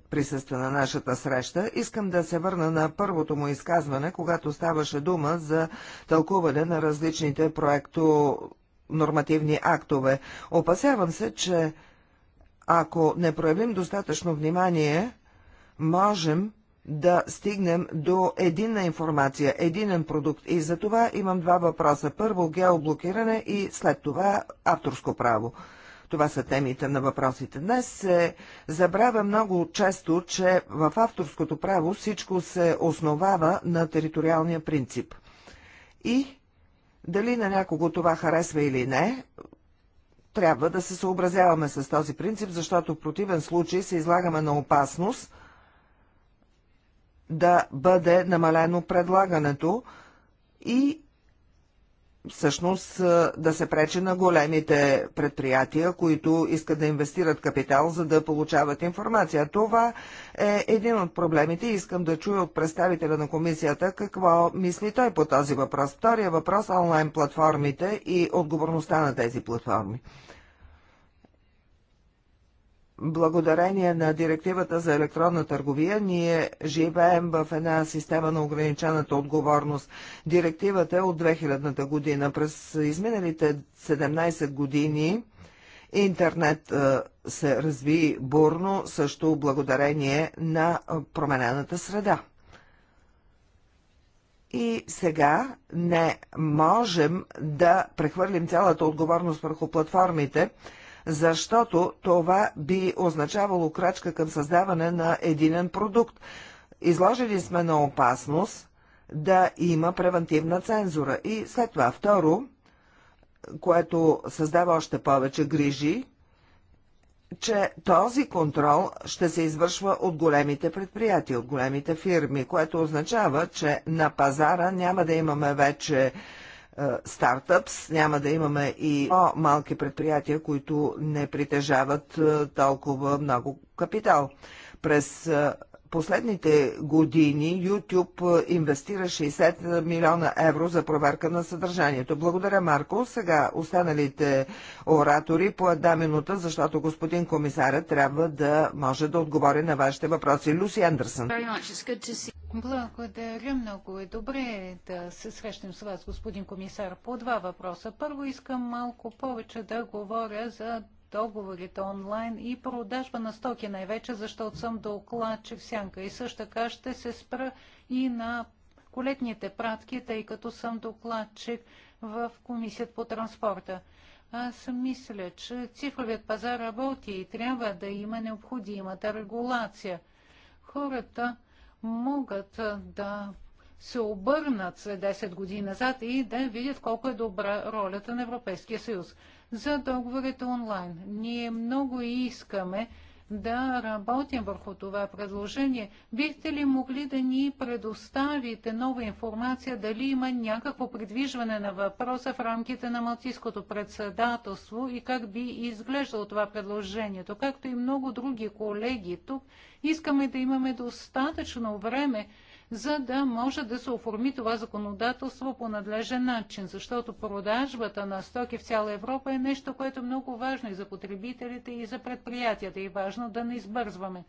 присъства на нашата среща, искам да се върна на първото му изказване, когато ставаше дума за тълкуване на различните проекто нормативни актове. Опасявам се, че ако не проявим достатъчно внимание, можем да стигнем до единна информация, единен продукт. И за това имам два въпроса. Първо геоблокиране и след това авторско право. Това са темите на въпросите. Днес се забравя много често, че в авторското право всичко се основава на териториалния принцип. И дали на някого това харесва или не, трябва да се съобразяваме с този принцип, защото в противен случай се излагаме на опасност – да бъде намалено предлагането и всъщност да се пречи на големите предприятия, които искат да инвестират капитал, за да получават информация. Това е един от проблемите искам да чуя от представителя на комисията какво мисли той по този въпрос. Втория въпрос – онлайн платформите и отговорността на тези платформи благодарение на директивата за електронна търговия, ние живеем в една система на ограничената отговорност. Директивата е от 2000-та година. През изминалите 17 години интернет се разви бурно, също благодарение на променената среда. И сега не можем да прехвърлим цялата отговорност върху платформите, защото това би означавало крачка към създаване на единен продукт. Изложили сме на опасност да има превентивна цензура. И след това второ, което създава още повече грижи, че този контрол ще се извършва от големите предприятия, от големите фирми, което означава, че на пазара няма да имаме вече е, стартъпс, няма да имаме и по-малки предприятия, които не притежават е, толкова много капитал. През е, последните години YouTube инвестира 60 милиона евро за проверка на съдържанието. Благодаря, Марко. Сега останалите оратори по една минута, защото господин комисарът трябва да може да отговори на вашите въпроси. Люси Андерсън. Благодаря много. Е добре да се срещнем с вас, господин комисар, по два въпроса. Първо искам малко повече да говоря за договорите онлайн и продажба на стоки най-вече, защото съм докладчик сянка. И също така ще се спра и на колетните пратки, тъй като съм докладчик в Комисията по транспорта. Аз мисля, че цифровият пазар работи и трябва да има необходимата регулация. Хората могат да се обърнат след 10 години назад и да видят колко е добра ролята на Европейския съюз. За договорите онлайн. Ние много искаме да работим върху това предложение. Бихте ли могли да ни предоставите нова информация дали има някакво придвижване на въпроса в рамките на Малтийското председателство и как би изглеждало това предложението? Както и много други колеги тук, искаме да имаме достатъчно време, за да може да се оформи това законодателство по надлежен начин, защото продажбата на стоки в цяла Европа е нещо, което е много важно и за потребителите, и за предприятията, и важно да не избързваме.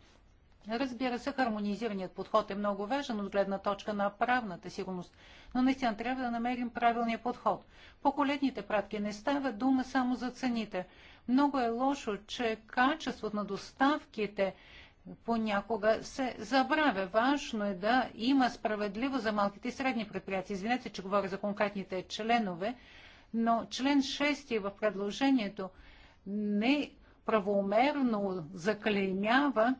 Разбира се, хармонизираният подход е много важен от гледна точка на правната сигурност, но наистина трябва да намерим правилния подход. По колетните пратки не става дума само за цените. Много е лошо, че качеството на доставките понякога се забравя. Важно е да има справедливо за малките и средни предприятия. Извинете, че говоря за конкретните членове, но член 6 в предложението не правомерно заклеймява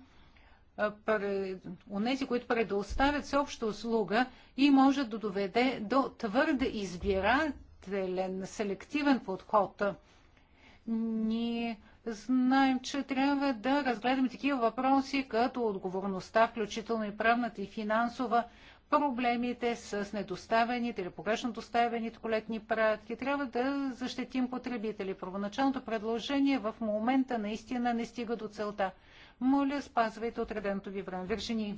онези, които предоставят всеобща услуга и може да доведе до твърде избирателен, селективен подход. Ние знаем, че трябва да разгледаме такива въпроси, като отговорността, включително и правната и финансова, проблемите с недоставените или погрешно доставените колетни пратки. Трябва да защитим потребители. Първоначалното предложение в момента наистина не стига до целта. Моля, спазвайте отреденото ви време. Вержини.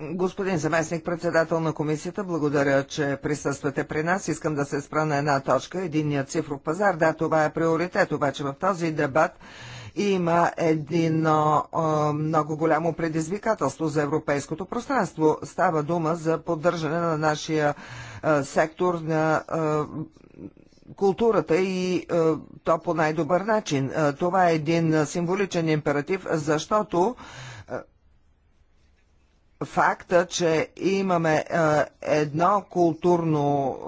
Господин заместник председател на комисията, благодаря, че присъствате при нас. Искам да се спра на една точка. Единният цифров пазар. Да, това е приоритет, обаче в този дебат има едно много голямо предизвикателство за европейското пространство. Става дума за поддържане на нашия а, сектор на а, културата и е, то по най-добър начин. Е, това е един символичен императив, защото е, факта, че имаме едно културно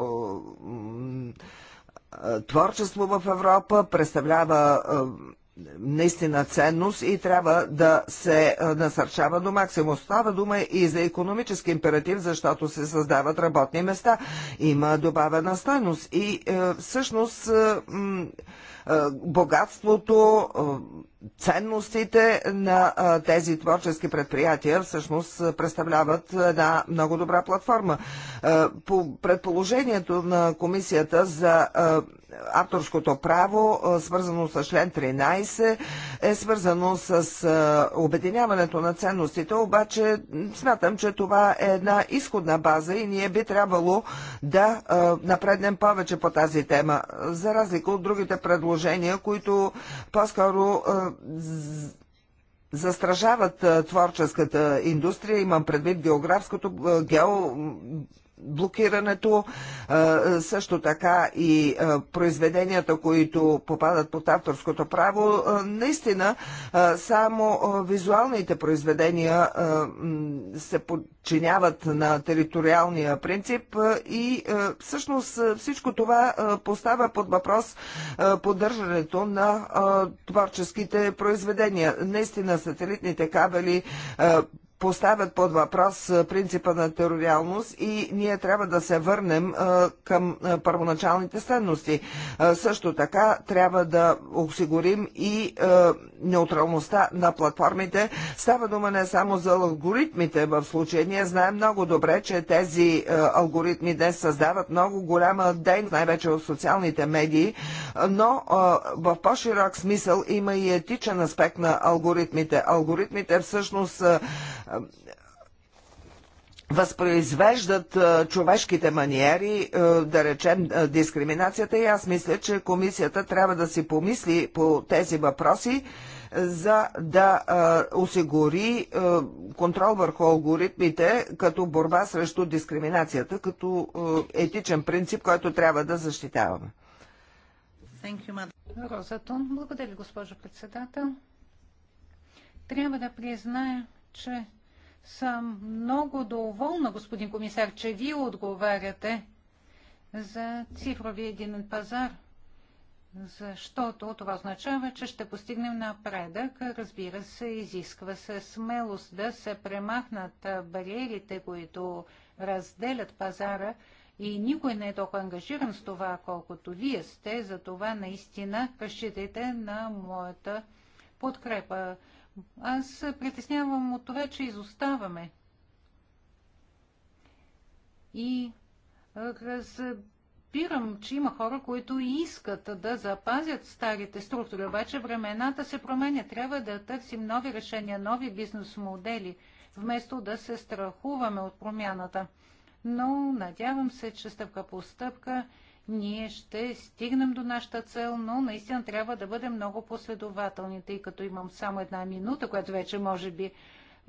творчество в Европа представлява наистина ценност и трябва да се насърчава до максимум. Става дума и за економически императив, защото се създават работни места. Има добавена стойност и е, всъщност е, е, богатството ценностите на тези творчески предприятия всъщност представляват една много добра платформа. По предположението на комисията за авторското право, свързано с член 13, е свързано с обединяването на ценностите, обаче смятам, че това е една изходна база и ние би трябвало да напреднем повече по тази тема, за разлика от другите предложения, които по-скоро застражават е, творческата индустрия, имам предвид географското, е, гео, блокирането, също така и произведенията, които попадат под авторското право. Наистина, само визуалните произведения се подчиняват на териториалния принцип и всъщност всичко това поставя под въпрос поддържането на творческите произведения. Наистина, сателитните кабели поставят под въпрос принципа на териториалност и ние трябва да се върнем към първоначалните ценности. Също така трябва да осигурим и неутралността на платформите. Става дума не само за алгоритмите в случая. Ние знаем много добре, че тези алгоритми днес създават много голяма дейност, най-вече в социалните медии, но в по-широк смисъл има и етичен аспект на алгоритмите. Алгоритмите всъщност възпроизвеждат човешките маниери, да речем дискриминацията и аз мисля, че комисията трябва да си помисли по тези въпроси, за да осигури контрол върху алгоритмите като борба срещу дискриминацията, като етичен принцип, който трябва да защитаваме. Розатон, благодаря, госпожо председател. Трябва да призная, че съм много доволна, господин комисар, че вие отговаряте за цифровия единен пазар, защото това означава, че ще постигнем напредък. Разбира се, изисква се смелост да се премахнат бариерите, които разделят пазара и никой не е толкова ангажиран с това, колкото вие сте. За това наистина разчитайте на моята подкрепа. Аз се притеснявам от това, че изоставаме. И разбирам, че има хора, които искат да запазят старите структури, обаче времената се променят. Трябва да търсим нови решения, нови бизнес модели, вместо да се страхуваме от промяната. Но надявам се, че стъпка по стъпка ние ще стигнем до нашата цел, но наистина трябва да бъдем много последователни, тъй като имам само една минута, която вече може би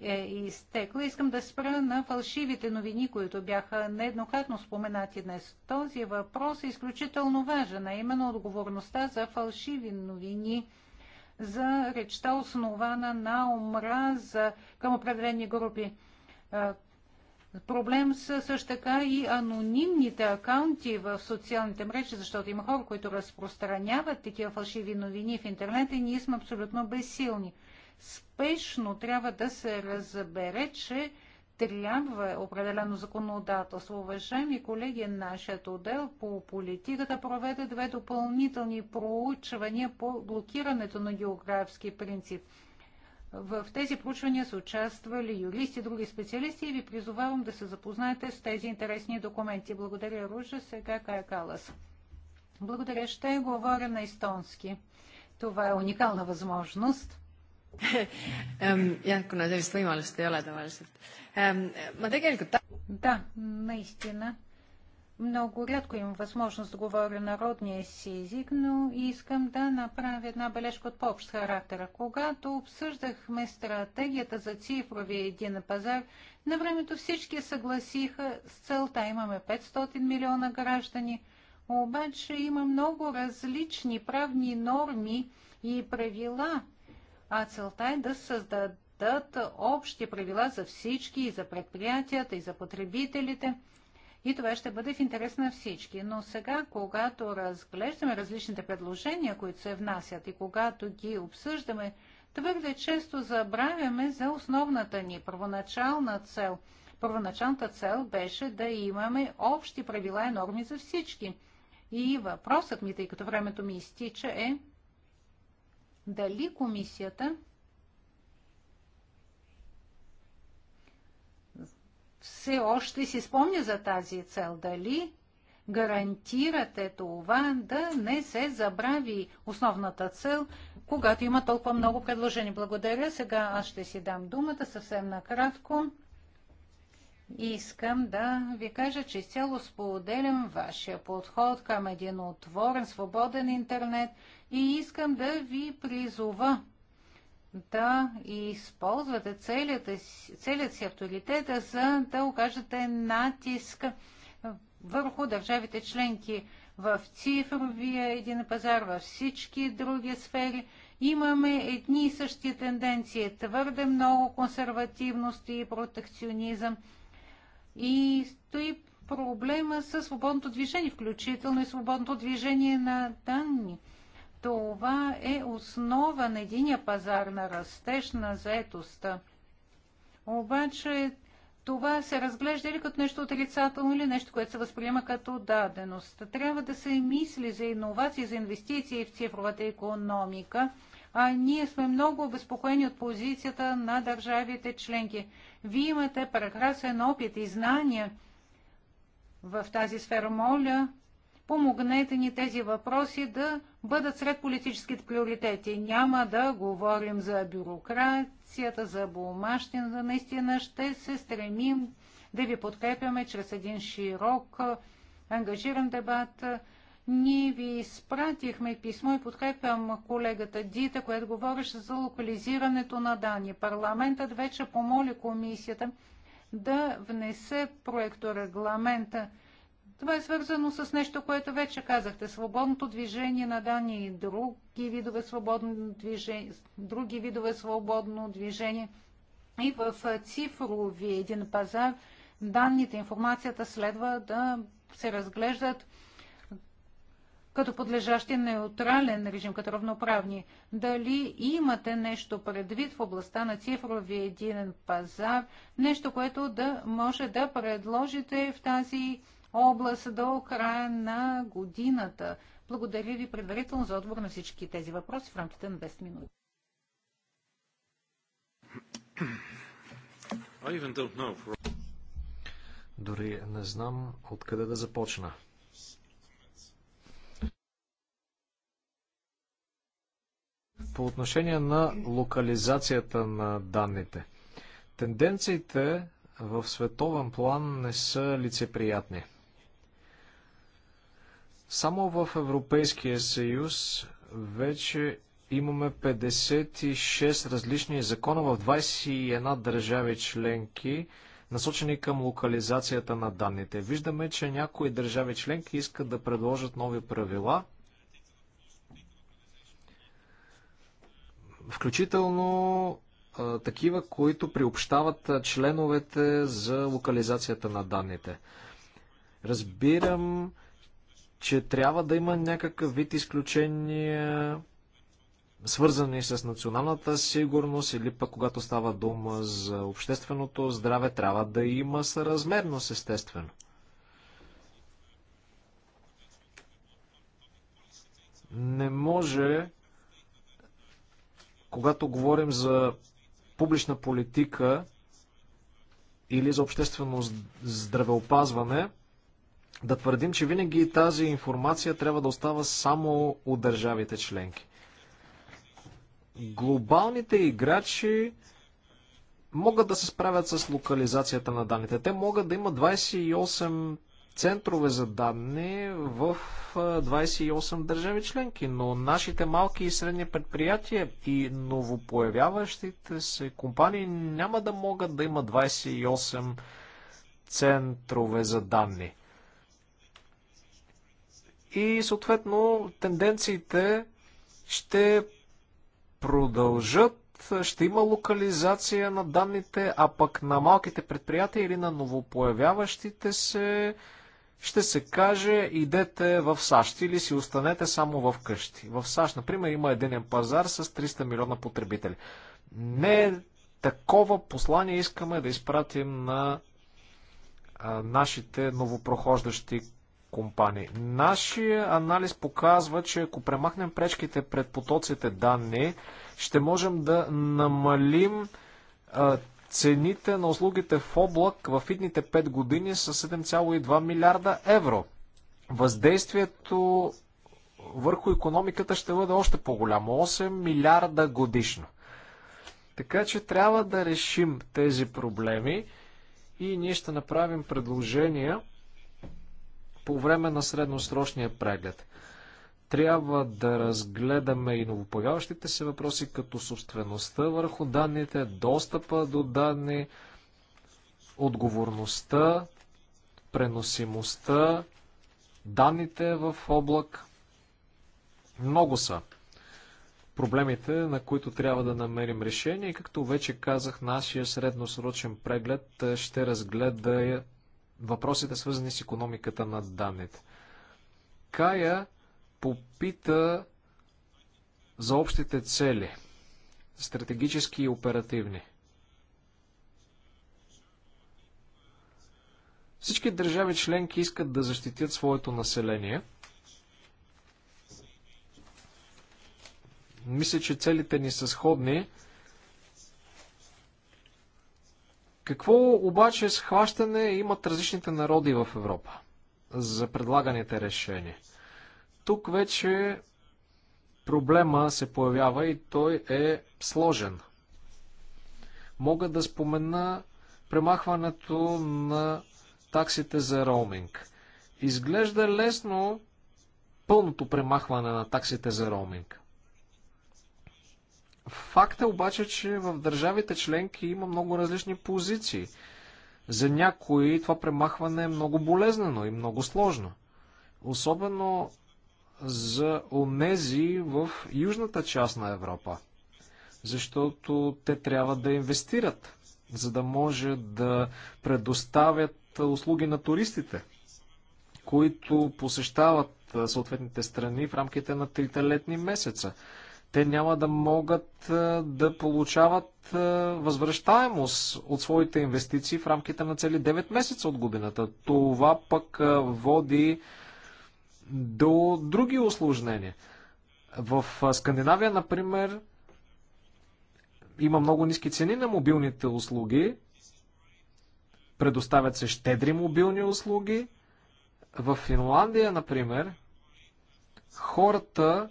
е изтекла. Искам да спра на фалшивите новини, които бяха нееднократно споменати днес. Този въпрос е изключително важен, а именно отговорността за фалшиви новини за речта основана на омраза към определени групи. Проблем са също така и анонимните акаунти в социалните мрежи, защото има хора, които разпространяват такива фалшиви новини в интернет и ние сме абсолютно безсилни. Спешно трябва да се разбере, че трябва определено законодателство. Уважаеми колеги, нашият отдел по политиката проведе две допълнителни проучвания по блокирането на географски принцип – в тези проучвания са участвали юристи, други специалисти и ви призовавам да се запознаете с тези интересни документи. Благодаря, Ружа. Сега Кая Калас. Благодаря. Ще говоря на естонски. Това е уникална възможност. jah, kuna sellist võimalust ei ole tavaliselt. ma tegelikult. да, наистина. Много рядко имам възможност да говоря народния си език, но искам да направя една бележка от по-общ характер. Когато обсъждахме стратегията за цифрови един пазар, на времето всички съгласиха с целта. Имаме 500 милиона граждани, обаче има много различни правни норми и правила, а целта е да създадат общи правила за всички, и за предприятията, и за потребителите – и това ще бъде в интерес на всички. Но сега, когато разглеждаме различните предложения, които се внасят и когато ги обсъждаме, твърде често забравяме за основната ни първоначална цел. Първоначалната цел беше да имаме общи правила и норми за всички. И въпросът ми, тъй като времето ми изтича, е дали комисията все още си спомня за тази цел. Дали гарантирате това да не се забрави основната цел, когато има толкова много предложения. Благодаря. Сега аз ще си дам думата съвсем накратко. Искам да ви кажа, че изцяло споделям вашия подход към един отворен, свободен интернет и искам да ви призова да използвате целият, целият си авторитет, за да окажете натиск върху държавите членки в цифровия един пазар, във всички други сфери. Имаме едни и същи тенденции, твърде много консервативност и протекционизъм. И стои проблема с свободното движение, включително и свободното движение на данни – това е основа на единия пазар на растеж на заетостта. Обаче това се разглежда или като нещо отрицателно, или нещо, което се възприема като даденост. Трябва да се мисли за иновации, за инвестиции в цифровата економика, а ние сме много обезпокоени от позицията на държавите членки. Вие имате прекрасен опит и знания в тази сфера. Моля, помогнете ни тези въпроси да бъдат сред политическите приоритети. Няма да говорим за бюрокрацията, за бумащина. Наистина ще се стремим да ви подкрепяме чрез един широк, ангажиран дебат. Ние ви изпратихме писмо и подкрепям колегата Дита, която говореше за локализирането на данни. Парламентът вече помоли комисията да внесе проекто регламента това е свързано с нещо, което вече казахте. Свободното движение на данни и други видове свободно движение, други видове свободно движение. И в цифрови един пазар данните, информацията следва да се разглеждат като подлежащи неутрален режим, като равноправни. Дали имате нещо предвид в областта на цифрови единен пазар, нещо, което да може да предложите в тази област до края на годината. Благодаря ви предварително за отговор на всички тези въпроси в рамките на 10 минути. Дори не знам откъде да започна. По отношение на локализацията на данните. Тенденциите в световен план не са лицеприятни – само в Европейския съюз вече имаме 56 различни закона в 21 държави членки, насочени към локализацията на данните. Виждаме, че някои държави членки искат да предложат нови правила, включително а, такива, които приобщават членовете за локализацията на данните. Разбирам, че трябва да има някакъв вид изключения, свързани с националната сигурност или пък когато става дума за общественото здраве, трябва да има съразмерност, естествено. Не може, когато говорим за публична политика или за обществено здравеопазване, да твърдим, че винаги тази информация трябва да остава само у държавите членки. Глобалните играчи могат да се справят с локализацията на данните. Те могат да имат 28 центрове за данни в 28 държави членки, но нашите малки и средни предприятия и новопоявяващите се компании няма да могат да имат 28 центрове за данни и съответно тенденциите ще продължат ще има локализация на данните, а пък на малките предприятия или на новопоявяващите се ще се каже идете в САЩ или си останете само в къщи. В САЩ, например, има единен пазар с 300 милиона потребители. Не такова послание искаме да изпратим на а, нашите новопрохождащи компании. Нашия анализ показва, че ако премахнем пречките пред потоците данни, ще можем да намалим а, цените на услугите в облак в идните 5 години с 7,2 милиарда евро. Въздействието върху економиката ще бъде още по-голямо 8 милиарда годишно. Така че трябва да решим тези проблеми и ние ще направим предложения по време на средносрочния преглед. Трябва да разгледаме и новопоявяващите се въпроси като собствеността върху данните, достъпа до данни, отговорността, преносимостта, данните в облак. Много са проблемите, на които трябва да намерим решение. И както вече казах, нашия средносрочен преглед ще разгледа въпросите свързани с економиката на данните. Кая попита за общите цели, стратегически и оперативни. Всички държави членки искат да защитят своето население. Мисля, че целите ни са сходни. Какво обаче схващане имат различните народи в Европа за предлаганите решения? Тук вече проблема се появява и той е сложен. Мога да спомена премахването на таксите за роуминг. Изглежда лесно пълното премахване на таксите за роуминг. Факт е обаче, че в държавите членки има много различни позиции. За някои това премахване е много болезнено и много сложно. Особено за онези в южната част на Европа. Защото те трябва да инвестират, за да може да предоставят услуги на туристите, които посещават съответните страни в рамките на трите летни месеца те няма да могат е, да получават е, възвръщаемост от своите инвестиции в рамките на цели 9 месеца от годината. Това пък е, води до други осложнения. В Скандинавия, например, има много ниски цени на мобилните услуги, предоставят се щедри мобилни услуги. В Финландия, например, хората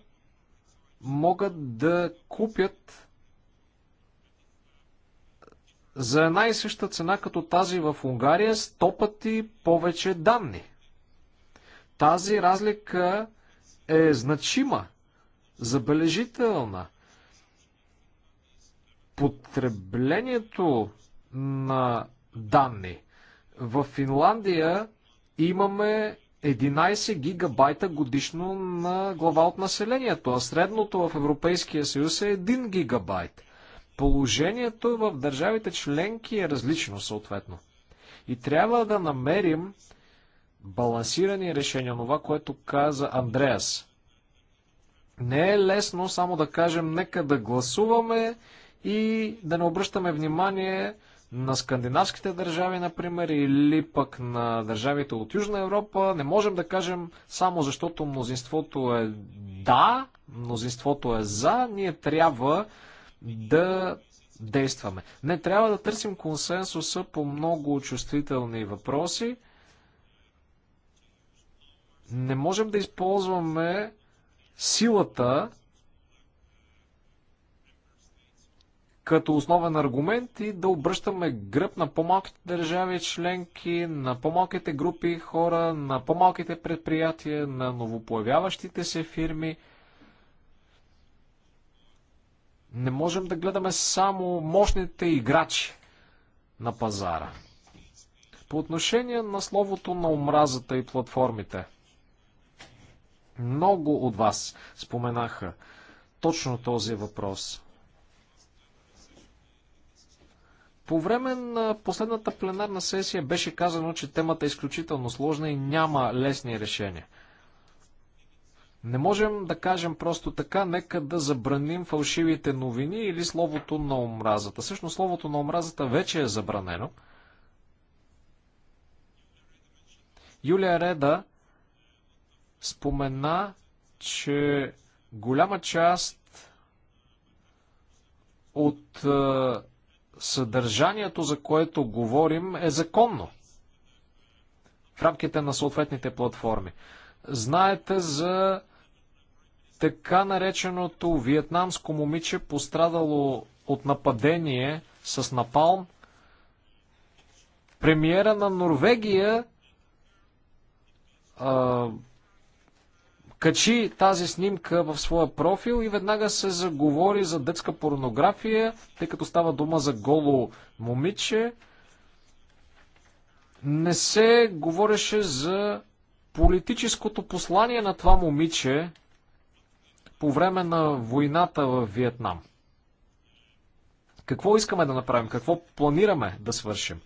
могат да купят за една и съща цена като тази в Унгария сто пъти повече данни. Тази разлика е значима, забележителна. Потреблението на данни. В Финландия имаме 11 гигабайта годишно на глава от населението, а средното в Европейския съюз е 1 гигабайт. Положението в държавите членки е различно съответно. И трябва да намерим балансирани решения, това, което каза Андреас. Не е лесно само да кажем нека да гласуваме и да не обръщаме внимание на скандинавските държави, например, или пък на държавите от Южна Европа, не можем да кажем само защото мнозинството е да, мнозинството е за, ние трябва да действаме. Не трябва да търсим консенсуса по много чувствителни въпроси. Не можем да използваме силата като основен аргумент и да обръщаме гръб на по-малките държави членки, на по-малките групи хора, на по-малките предприятия, на новопоявяващите се фирми. Не можем да гледаме само мощните играчи на пазара. По отношение на словото на омразата и платформите. Много от вас споменаха точно този въпрос – По време на последната пленарна сесия беше казано, че темата е изключително сложна и няма лесни решения. Не можем да кажем просто така, нека да забраним фалшивите новини или словото на омразата. Всъщност словото на омразата вече е забранено. Юлия Реда спомена, че голяма част от е, съдържанието, за което говорим, е законно в рамките на съответните платформи. Знаете за така нареченото виетнамско момиче, пострадало от нападение с напалм. Премиера на Норвегия а, качи тази снимка в своя профил и веднага се заговори за детска порнография, тъй като става дума за голо момиче. Не се говореше за политическото послание на това момиче по време на войната в Виетнам. Какво искаме да направим? Какво планираме да свършим?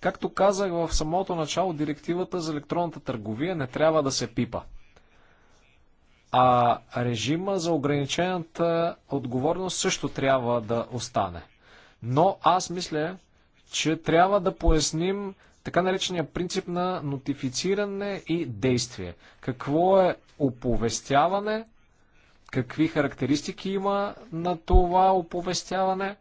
Както казах в самото начало, директивата за електронната търговия не трябва да се пипа. А режима за ограничената отговорност също трябва да остане. Но аз мисля, че трябва да поясним така наречения принцип на нотифициране и действие. Какво е оповестяване, какви характеристики има на това оповестяване.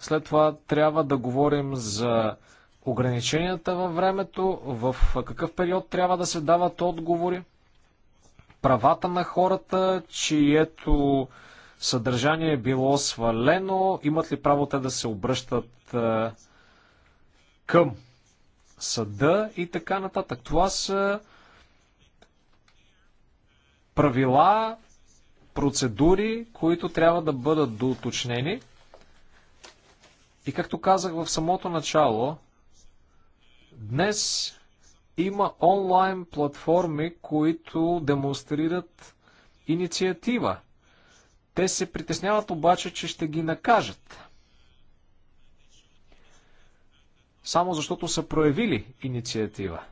След това трябва да говорим за ограниченията във времето, в какъв период трябва да се дават отговори правата на хората, чието съдържание е било свалено, имат ли право те да се обръщат е, към съда и така нататък. Това са правила, процедури, които трябва да бъдат доуточнени. И както казах в самото начало, днес има онлайн платформи, които демонстрират инициатива. Те се притесняват обаче, че ще ги накажат. Само защото са проявили инициатива.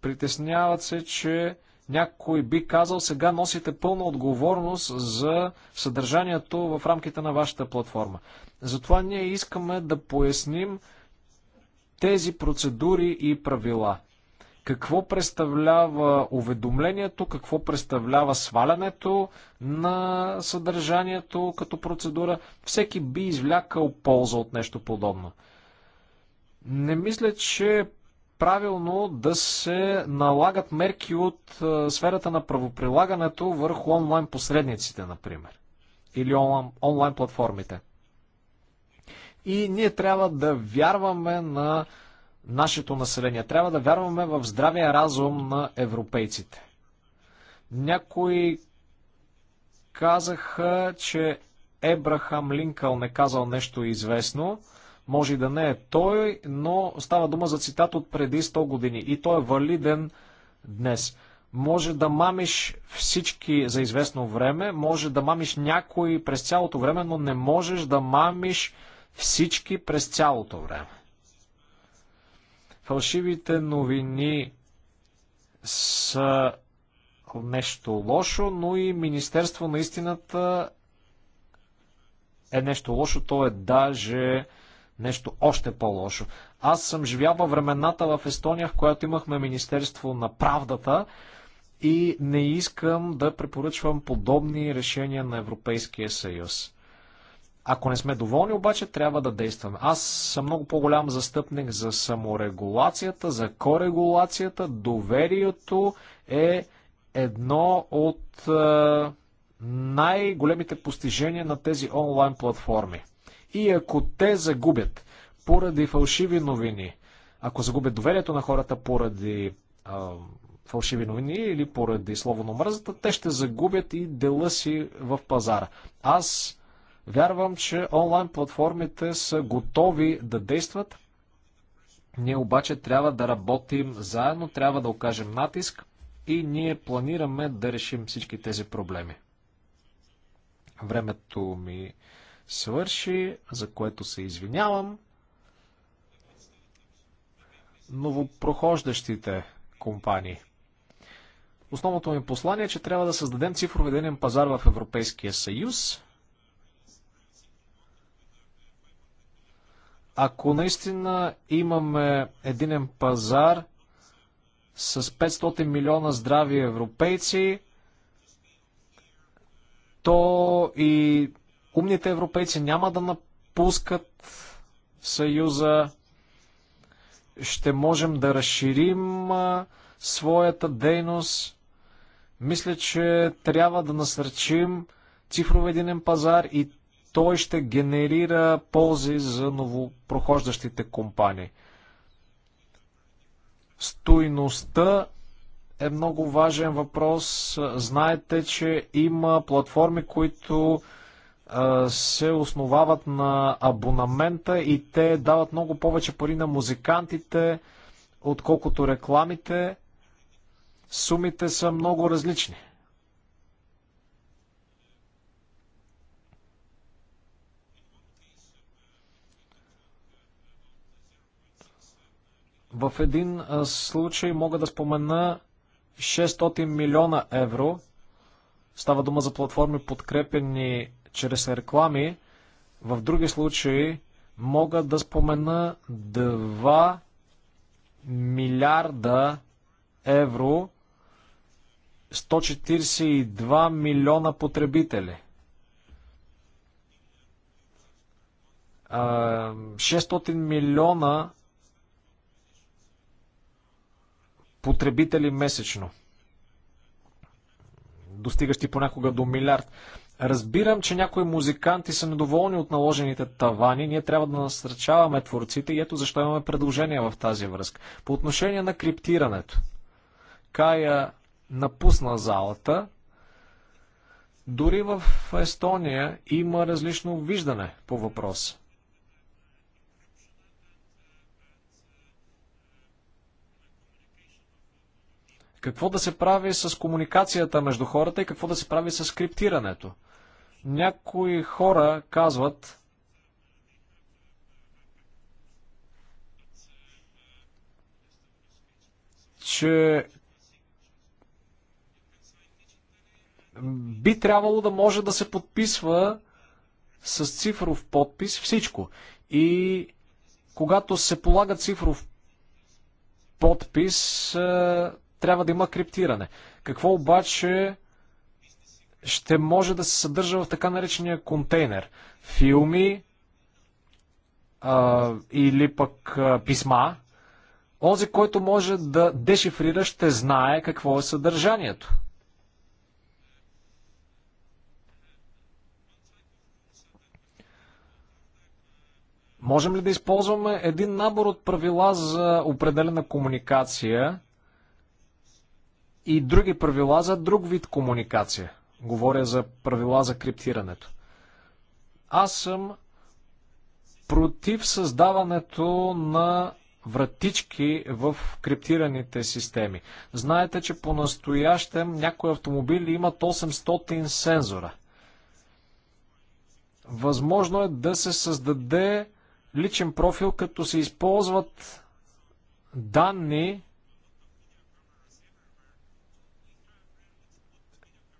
Притесняват се, че някой би казал, сега носите пълна отговорност за съдържанието в рамките на вашата платформа. Затова ние искаме да поясним тези процедури и правила какво представлява уведомлението, какво представлява свалянето на съдържанието като процедура. Всеки би извлякал полза от нещо подобно. Не мисля, че е правилно да се налагат мерки от е, сферата на правоприлагането върху онлайн посредниците, например, или онлайн, онлайн платформите. И ние трябва да вярваме на нашето население. Трябва да вярваме в здравия разум на европейците. Някои казаха, че Ебрахам Линкъл не казал нещо известно. Може да не е той, но става дума за цитат от преди 100 години и той е валиден днес. Може да мамиш всички за известно време, може да мамиш някой през цялото време, но не можеш да мамиш всички през цялото време. Фалшивите новини са нещо лошо, но и Министерство на истината е нещо лошо, то е даже нещо още по-лошо. Аз съм живял във времената в Естония, в която имахме Министерство на правдата и не искам да препоръчвам подобни решения на Европейския съюз. Ако не сме доволни, обаче трябва да действаме. Аз съм много по-голям застъпник за саморегулацията, за корегулацията. Доверието е едно от е, най-големите постижения на тези онлайн платформи. И ако те загубят поради фалшиви новини, ако загубят доверието на хората поради е, фалшиви новини или поради слово на мръзата, те ще загубят и дела си в пазара. Аз Вярвам, че онлайн платформите са готови да действат. Ние обаче трябва да работим заедно, трябва да окажем натиск и ние планираме да решим всички тези проблеми. Времето ми свърши, за което се извинявам. Новопрохождащите компании. Основното ми послание е, че трябва да създадем цифроведенен пазар в Европейския съюз. Ако наистина имаме единен пазар с 500 милиона здрави европейци, то и умните европейци няма да напускат Съюза. Ще можем да разширим своята дейност. Мисля, че трябва да насърчим цифров единен пазар и той ще генерира ползи за новопрохождащите компании. Стойността е много важен въпрос. Знаете, че има платформи, които се основават на абонамента и те дават много повече пари на музикантите, отколкото рекламите. Сумите са много различни. В един случай мога да спомена 600 милиона евро. Става дума за платформи, подкрепени чрез реклами. В други случаи мога да спомена 2 милиарда евро, 142 милиона потребители. 600 милиона потребители месечно, достигащи понякога до милиард. Разбирам, че някои музиканти са недоволни от наложените тавани. Ние трябва да насръчаваме творците и ето защо имаме предложения в тази връзка. По отношение на криптирането. Кая напусна залата. Дори в Естония има различно виждане по въпроса. Какво да се прави с комуникацията между хората и какво да се прави с криптирането? Някои хора казват, че би трябвало да може да се подписва с цифров подпис всичко. И когато се полага цифров подпис, е, трябва да има криптиране. Какво обаче ще може да се съдържа в така наречения контейнер? Филми а, или пък а, писма. Онзи, който може да дешифрира, ще знае какво е съдържанието. Можем ли да използваме един набор от правила за определена комуникация? и други правила за друг вид комуникация. Говоря за правила за криптирането. Аз съм против създаването на вратички в криптираните системи. Знаете, че по-настоящем някои автомобили имат 800 сензора. Възможно е да се създаде личен профил, като се използват данни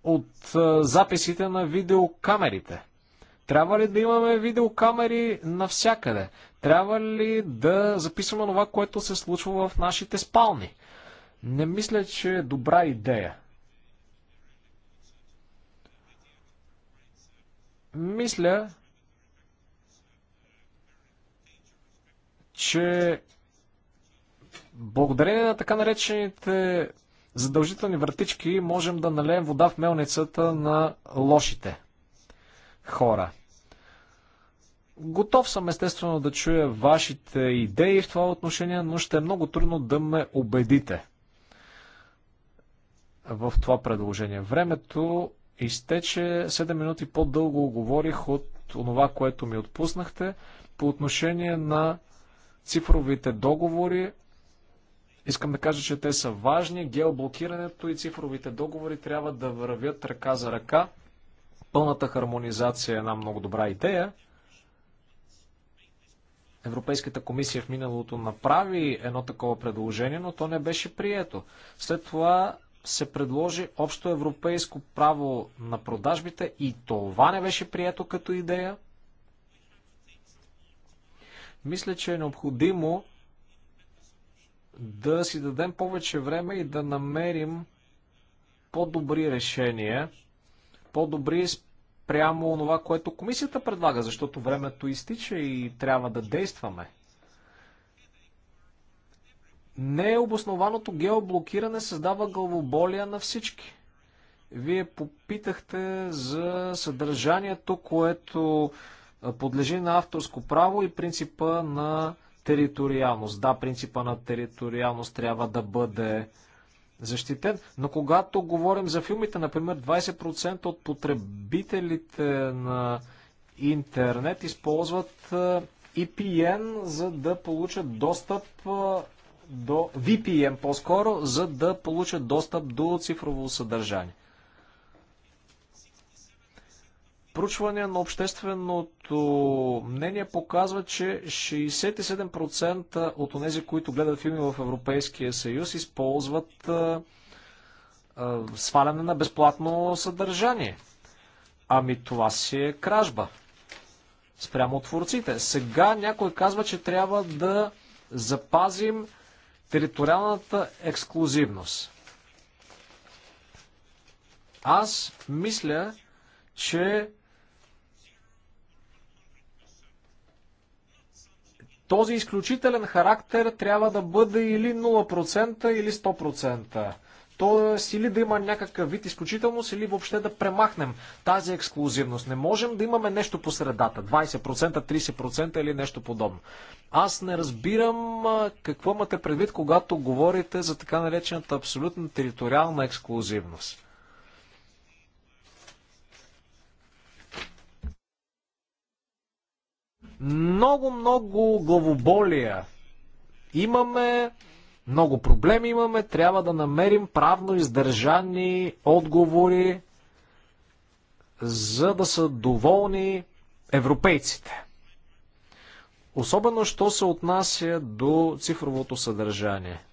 от е, записите на видеокамерите? Трябва ли да имаме видеокамери навсякъде? Трябва ли да записваме това, което се случва в нашите спални? Не мисля, че е добра идея. Мисля, че благодарение на така наречените задължителни вратички можем да налеем вода в мелницата на лошите хора. Готов съм естествено да чуя вашите идеи в това отношение, но ще е много трудно да ме убедите в това предложение. Времето изтече 7 минути по-дълго говорих от това, което ми отпуснахте по отношение на цифровите договори. Искам да кажа, че те са важни. Геоблокирането и цифровите договори трябва да вървят ръка за ръка. Пълната хармонизация е една много добра идея. Европейската комисия в миналото направи едно такова предложение, но то не беше прието. След това се предложи общо европейско право на продажбите и това не беше прието като идея. Мисля, че е необходимо да си дадем повече време и да намерим по-добри решения, по-добри спрямо това, което комисията предлага, защото времето изтича и трябва да действаме. Необоснованото геоблокиране създава главоболия на всички. Вие попитахте за съдържанието, което подлежи на авторско право и принципа на териториалност. Да, принципа на териториалност трябва да бъде защитен, но когато говорим за филмите, например, 20% от потребителите на интернет използват EPN, за да получат достъп до VPN по-скоро, за да получат достъп до цифрово съдържание. Проучване на общественото мнение показва, че 67% от тези, които гледат филми в Европейския съюз, използват а, а, сваляне на безплатно съдържание. Ами това си е кражба спрямо от творците. Сега някой казва, че трябва да запазим териториалната ексклюзивност. Аз мисля, че Този изключителен характер трябва да бъде или 0% или 100%. Тоест или да има някакъв вид изключителност, или въобще да премахнем тази ексклюзивност. Не можем да имаме нещо по средата. 20%, 30% или нещо подобно. Аз не разбирам какво имате предвид, когато говорите за така наречената абсолютна териториална ексклюзивност. Много, много главоболия имаме, много проблеми имаме, трябва да намерим правно издържани отговори, за да са доволни европейците. Особено, що се отнася до цифровото съдържание –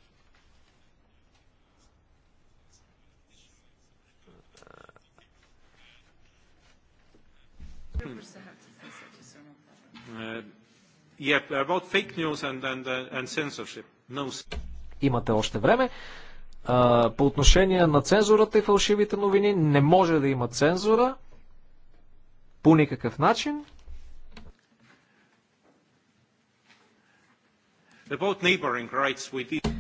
Yeah, about fake news and, and, uh, and censorship. No. Имате още време. А, по отношение на цензурата и фалшивите новини, не може да има цензура по никакъв начин. About neighboring rights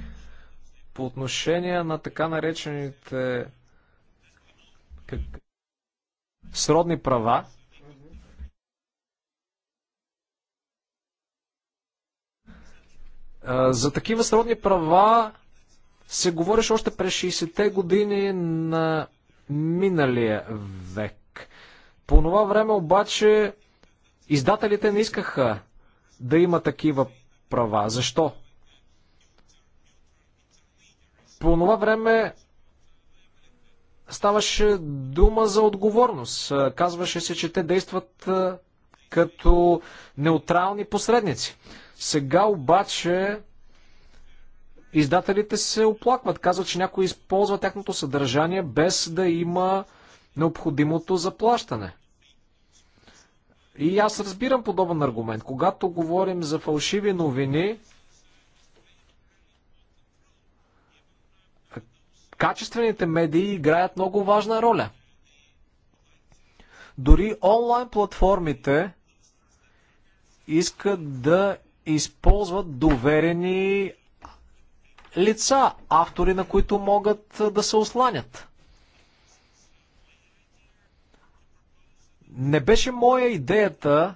По отношение на така наречените как... сродни права, За такива сродни права се говореше още през 60-те години на миналия век. По това време обаче издателите не искаха да има такива права. Защо? По това време ставаше дума за отговорност. Казваше се, че те действат като неутрални посредници сега обаче издателите се оплакват, казват, че някой използва тяхното съдържание без да има необходимото заплащане. И аз разбирам подобен аргумент. Когато говорим за фалшиви новини, качествените медии играят много важна роля. Дори онлайн платформите искат да използват доверени лица, автори на които могат да се осланят. Не беше моя идеята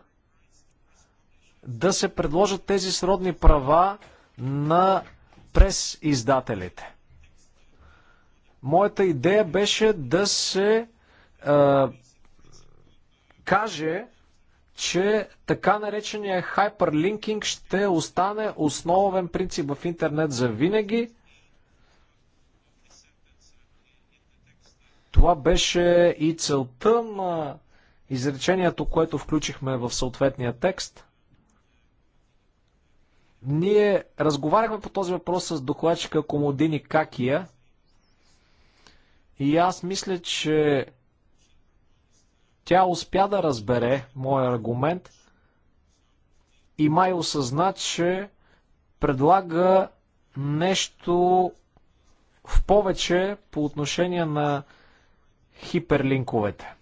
да се предложат тези сродни права на през издателите. Моята идея беше да се е, каже че така наречения хайперлинкинг ще остане основен принцип в интернет за винаги. Това беше и целта на изречението, което включихме в съответния текст. Ние разговаряхме по този въпрос с докладчика Комодини Какия и аз мисля, че тя успя да разбере моя аргумент и май осъзна, че предлага нещо в повече по отношение на хиперлинковете.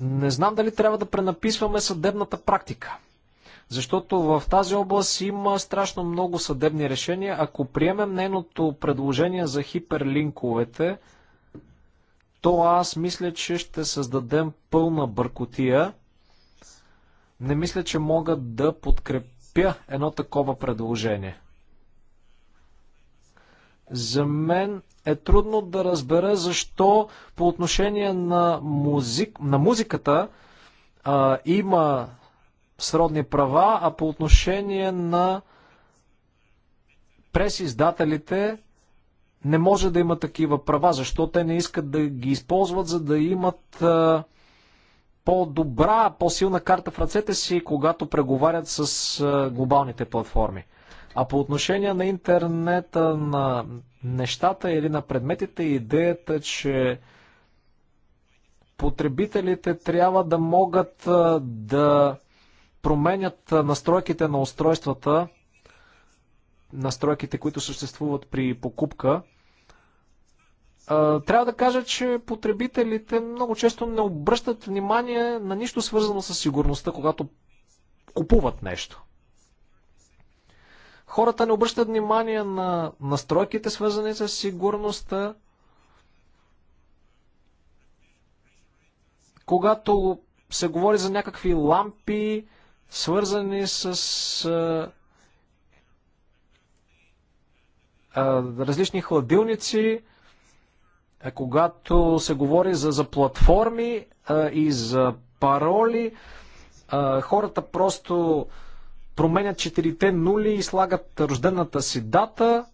Не знам дали трябва да пренаписваме съдебната практика защото в тази област има страшно много съдебни решения. Ако приемем нейното предложение за хиперлинковете, то аз мисля, че ще създадем пълна бъркотия. Не мисля, че мога да подкрепя едно такова предложение. За мен е трудно да разбера защо по отношение на, музик, на музиката а, има сродни права, а по отношение на пресиздателите не може да има такива права, защото те не искат да ги използват, за да имат по-добра, по-силна карта в ръцете си, когато преговарят с глобалните платформи. А по отношение на интернета, на нещата или на предметите, идеята, че потребителите трябва да могат да променят настройките на устройствата, настройките, които съществуват при покупка, трябва да кажа, че потребителите много често не обръщат внимание на нищо свързано с сигурността, когато купуват нещо. Хората не обръщат внимание на настройките, свързани с сигурността. Когато се говори за някакви лампи, свързани с различни хладилници, когато се говори за, за платформи а, и за пароли, а, хората просто променят четирите нули и слагат рождената си дата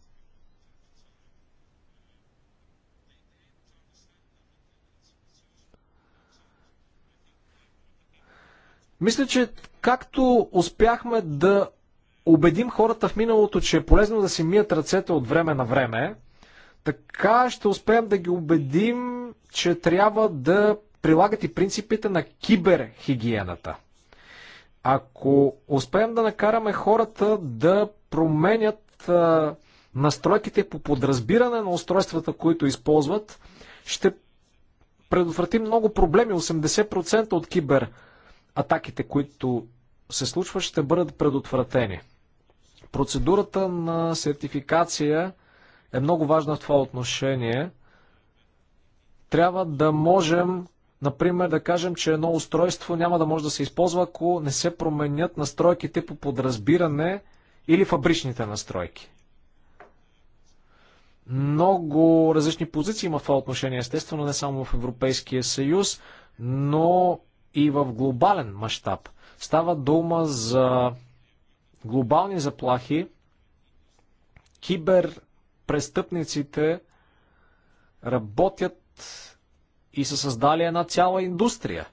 Мисля, че както успяхме да убедим хората в миналото, че е полезно да си мият ръцете от време на време, така ще успеем да ги убедим, че трябва да прилагат и принципите на киберхигиената. Ако успеем да накараме хората да променят а, настройките по подразбиране на устройствата, които използват, ще предотвратим много проблеми. 80% от кибер атаките, които се случват, ще бъдат предотвратени. Процедурата на сертификация е много важна в това отношение. Трябва да можем, например, да кажем, че едно устройство няма да може да се използва, ако не се променят настройките по подразбиране или фабричните настройки. Много различни позиции има в това отношение, естествено, не само в Европейския съюз, но и в глобален мащаб. Става дума за глобални заплахи. Киберпрестъпниците работят и са създали една цяла индустрия.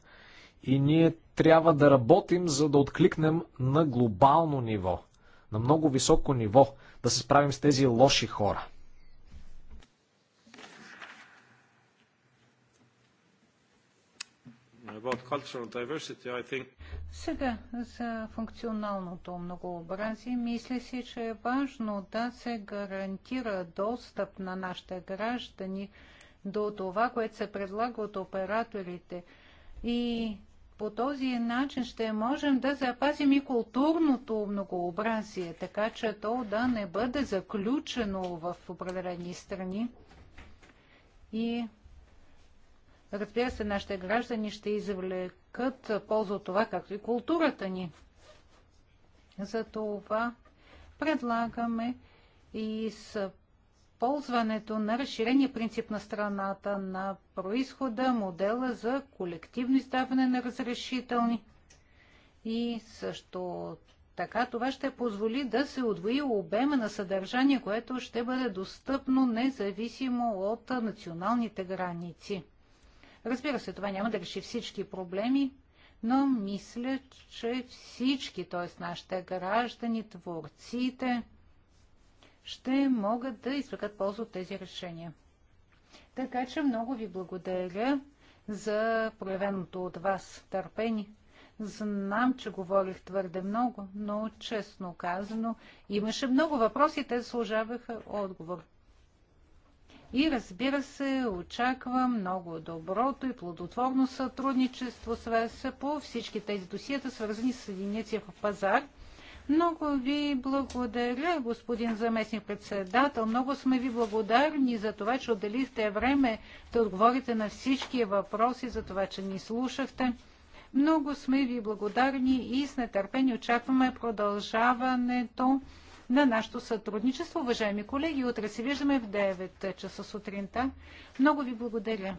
И ние трябва да работим, за да откликнем на глобално ниво, на много високо ниво, да се справим с тези лоши хора. think... Сега за функционалното многообразие мисля си, че е важно да се гарантира достъп на нашите граждани до това, което се предлага от операторите. И по този начин ще можем да запазим и културното многообразие, така че то да не бъде заключено в определени страни. И Разбира се, нашите граждани ще извлекат полза от това, както и културата ни. Затова предлагаме и с ползването на разширения принцип на страната на происхода, модела за колективно издаване на разрешителни. И също така това ще позволи да се отвои обема на съдържание, което ще бъде достъпно независимо от националните граници. Разбира се, това няма да реши всички проблеми, но мисля, че всички, т.е. нашите граждани, творците, ще могат да извлекат полза от тези решения. Така че много ви благодаря за проявеното от вас търпение. Знам, че говорих твърде много, но честно казано, имаше много въпроси, те заслужаваха отговор. И разбира се, очаквам много доброто и плодотворно сътрудничество с вас по всички тези досиета, свързани с единиция в пазар. Много ви благодаря, господин заместник председател. Много сме ви благодарни за това, че отделихте време да отговорите на всички въпроси, за това, че ни слушахте. Много сме ви благодарни и с нетърпение очакваме продължаването на нашето сътрудничество. Уважаеми колеги, утре се виждаме в 9 часа сутринта. Много ви благодаря.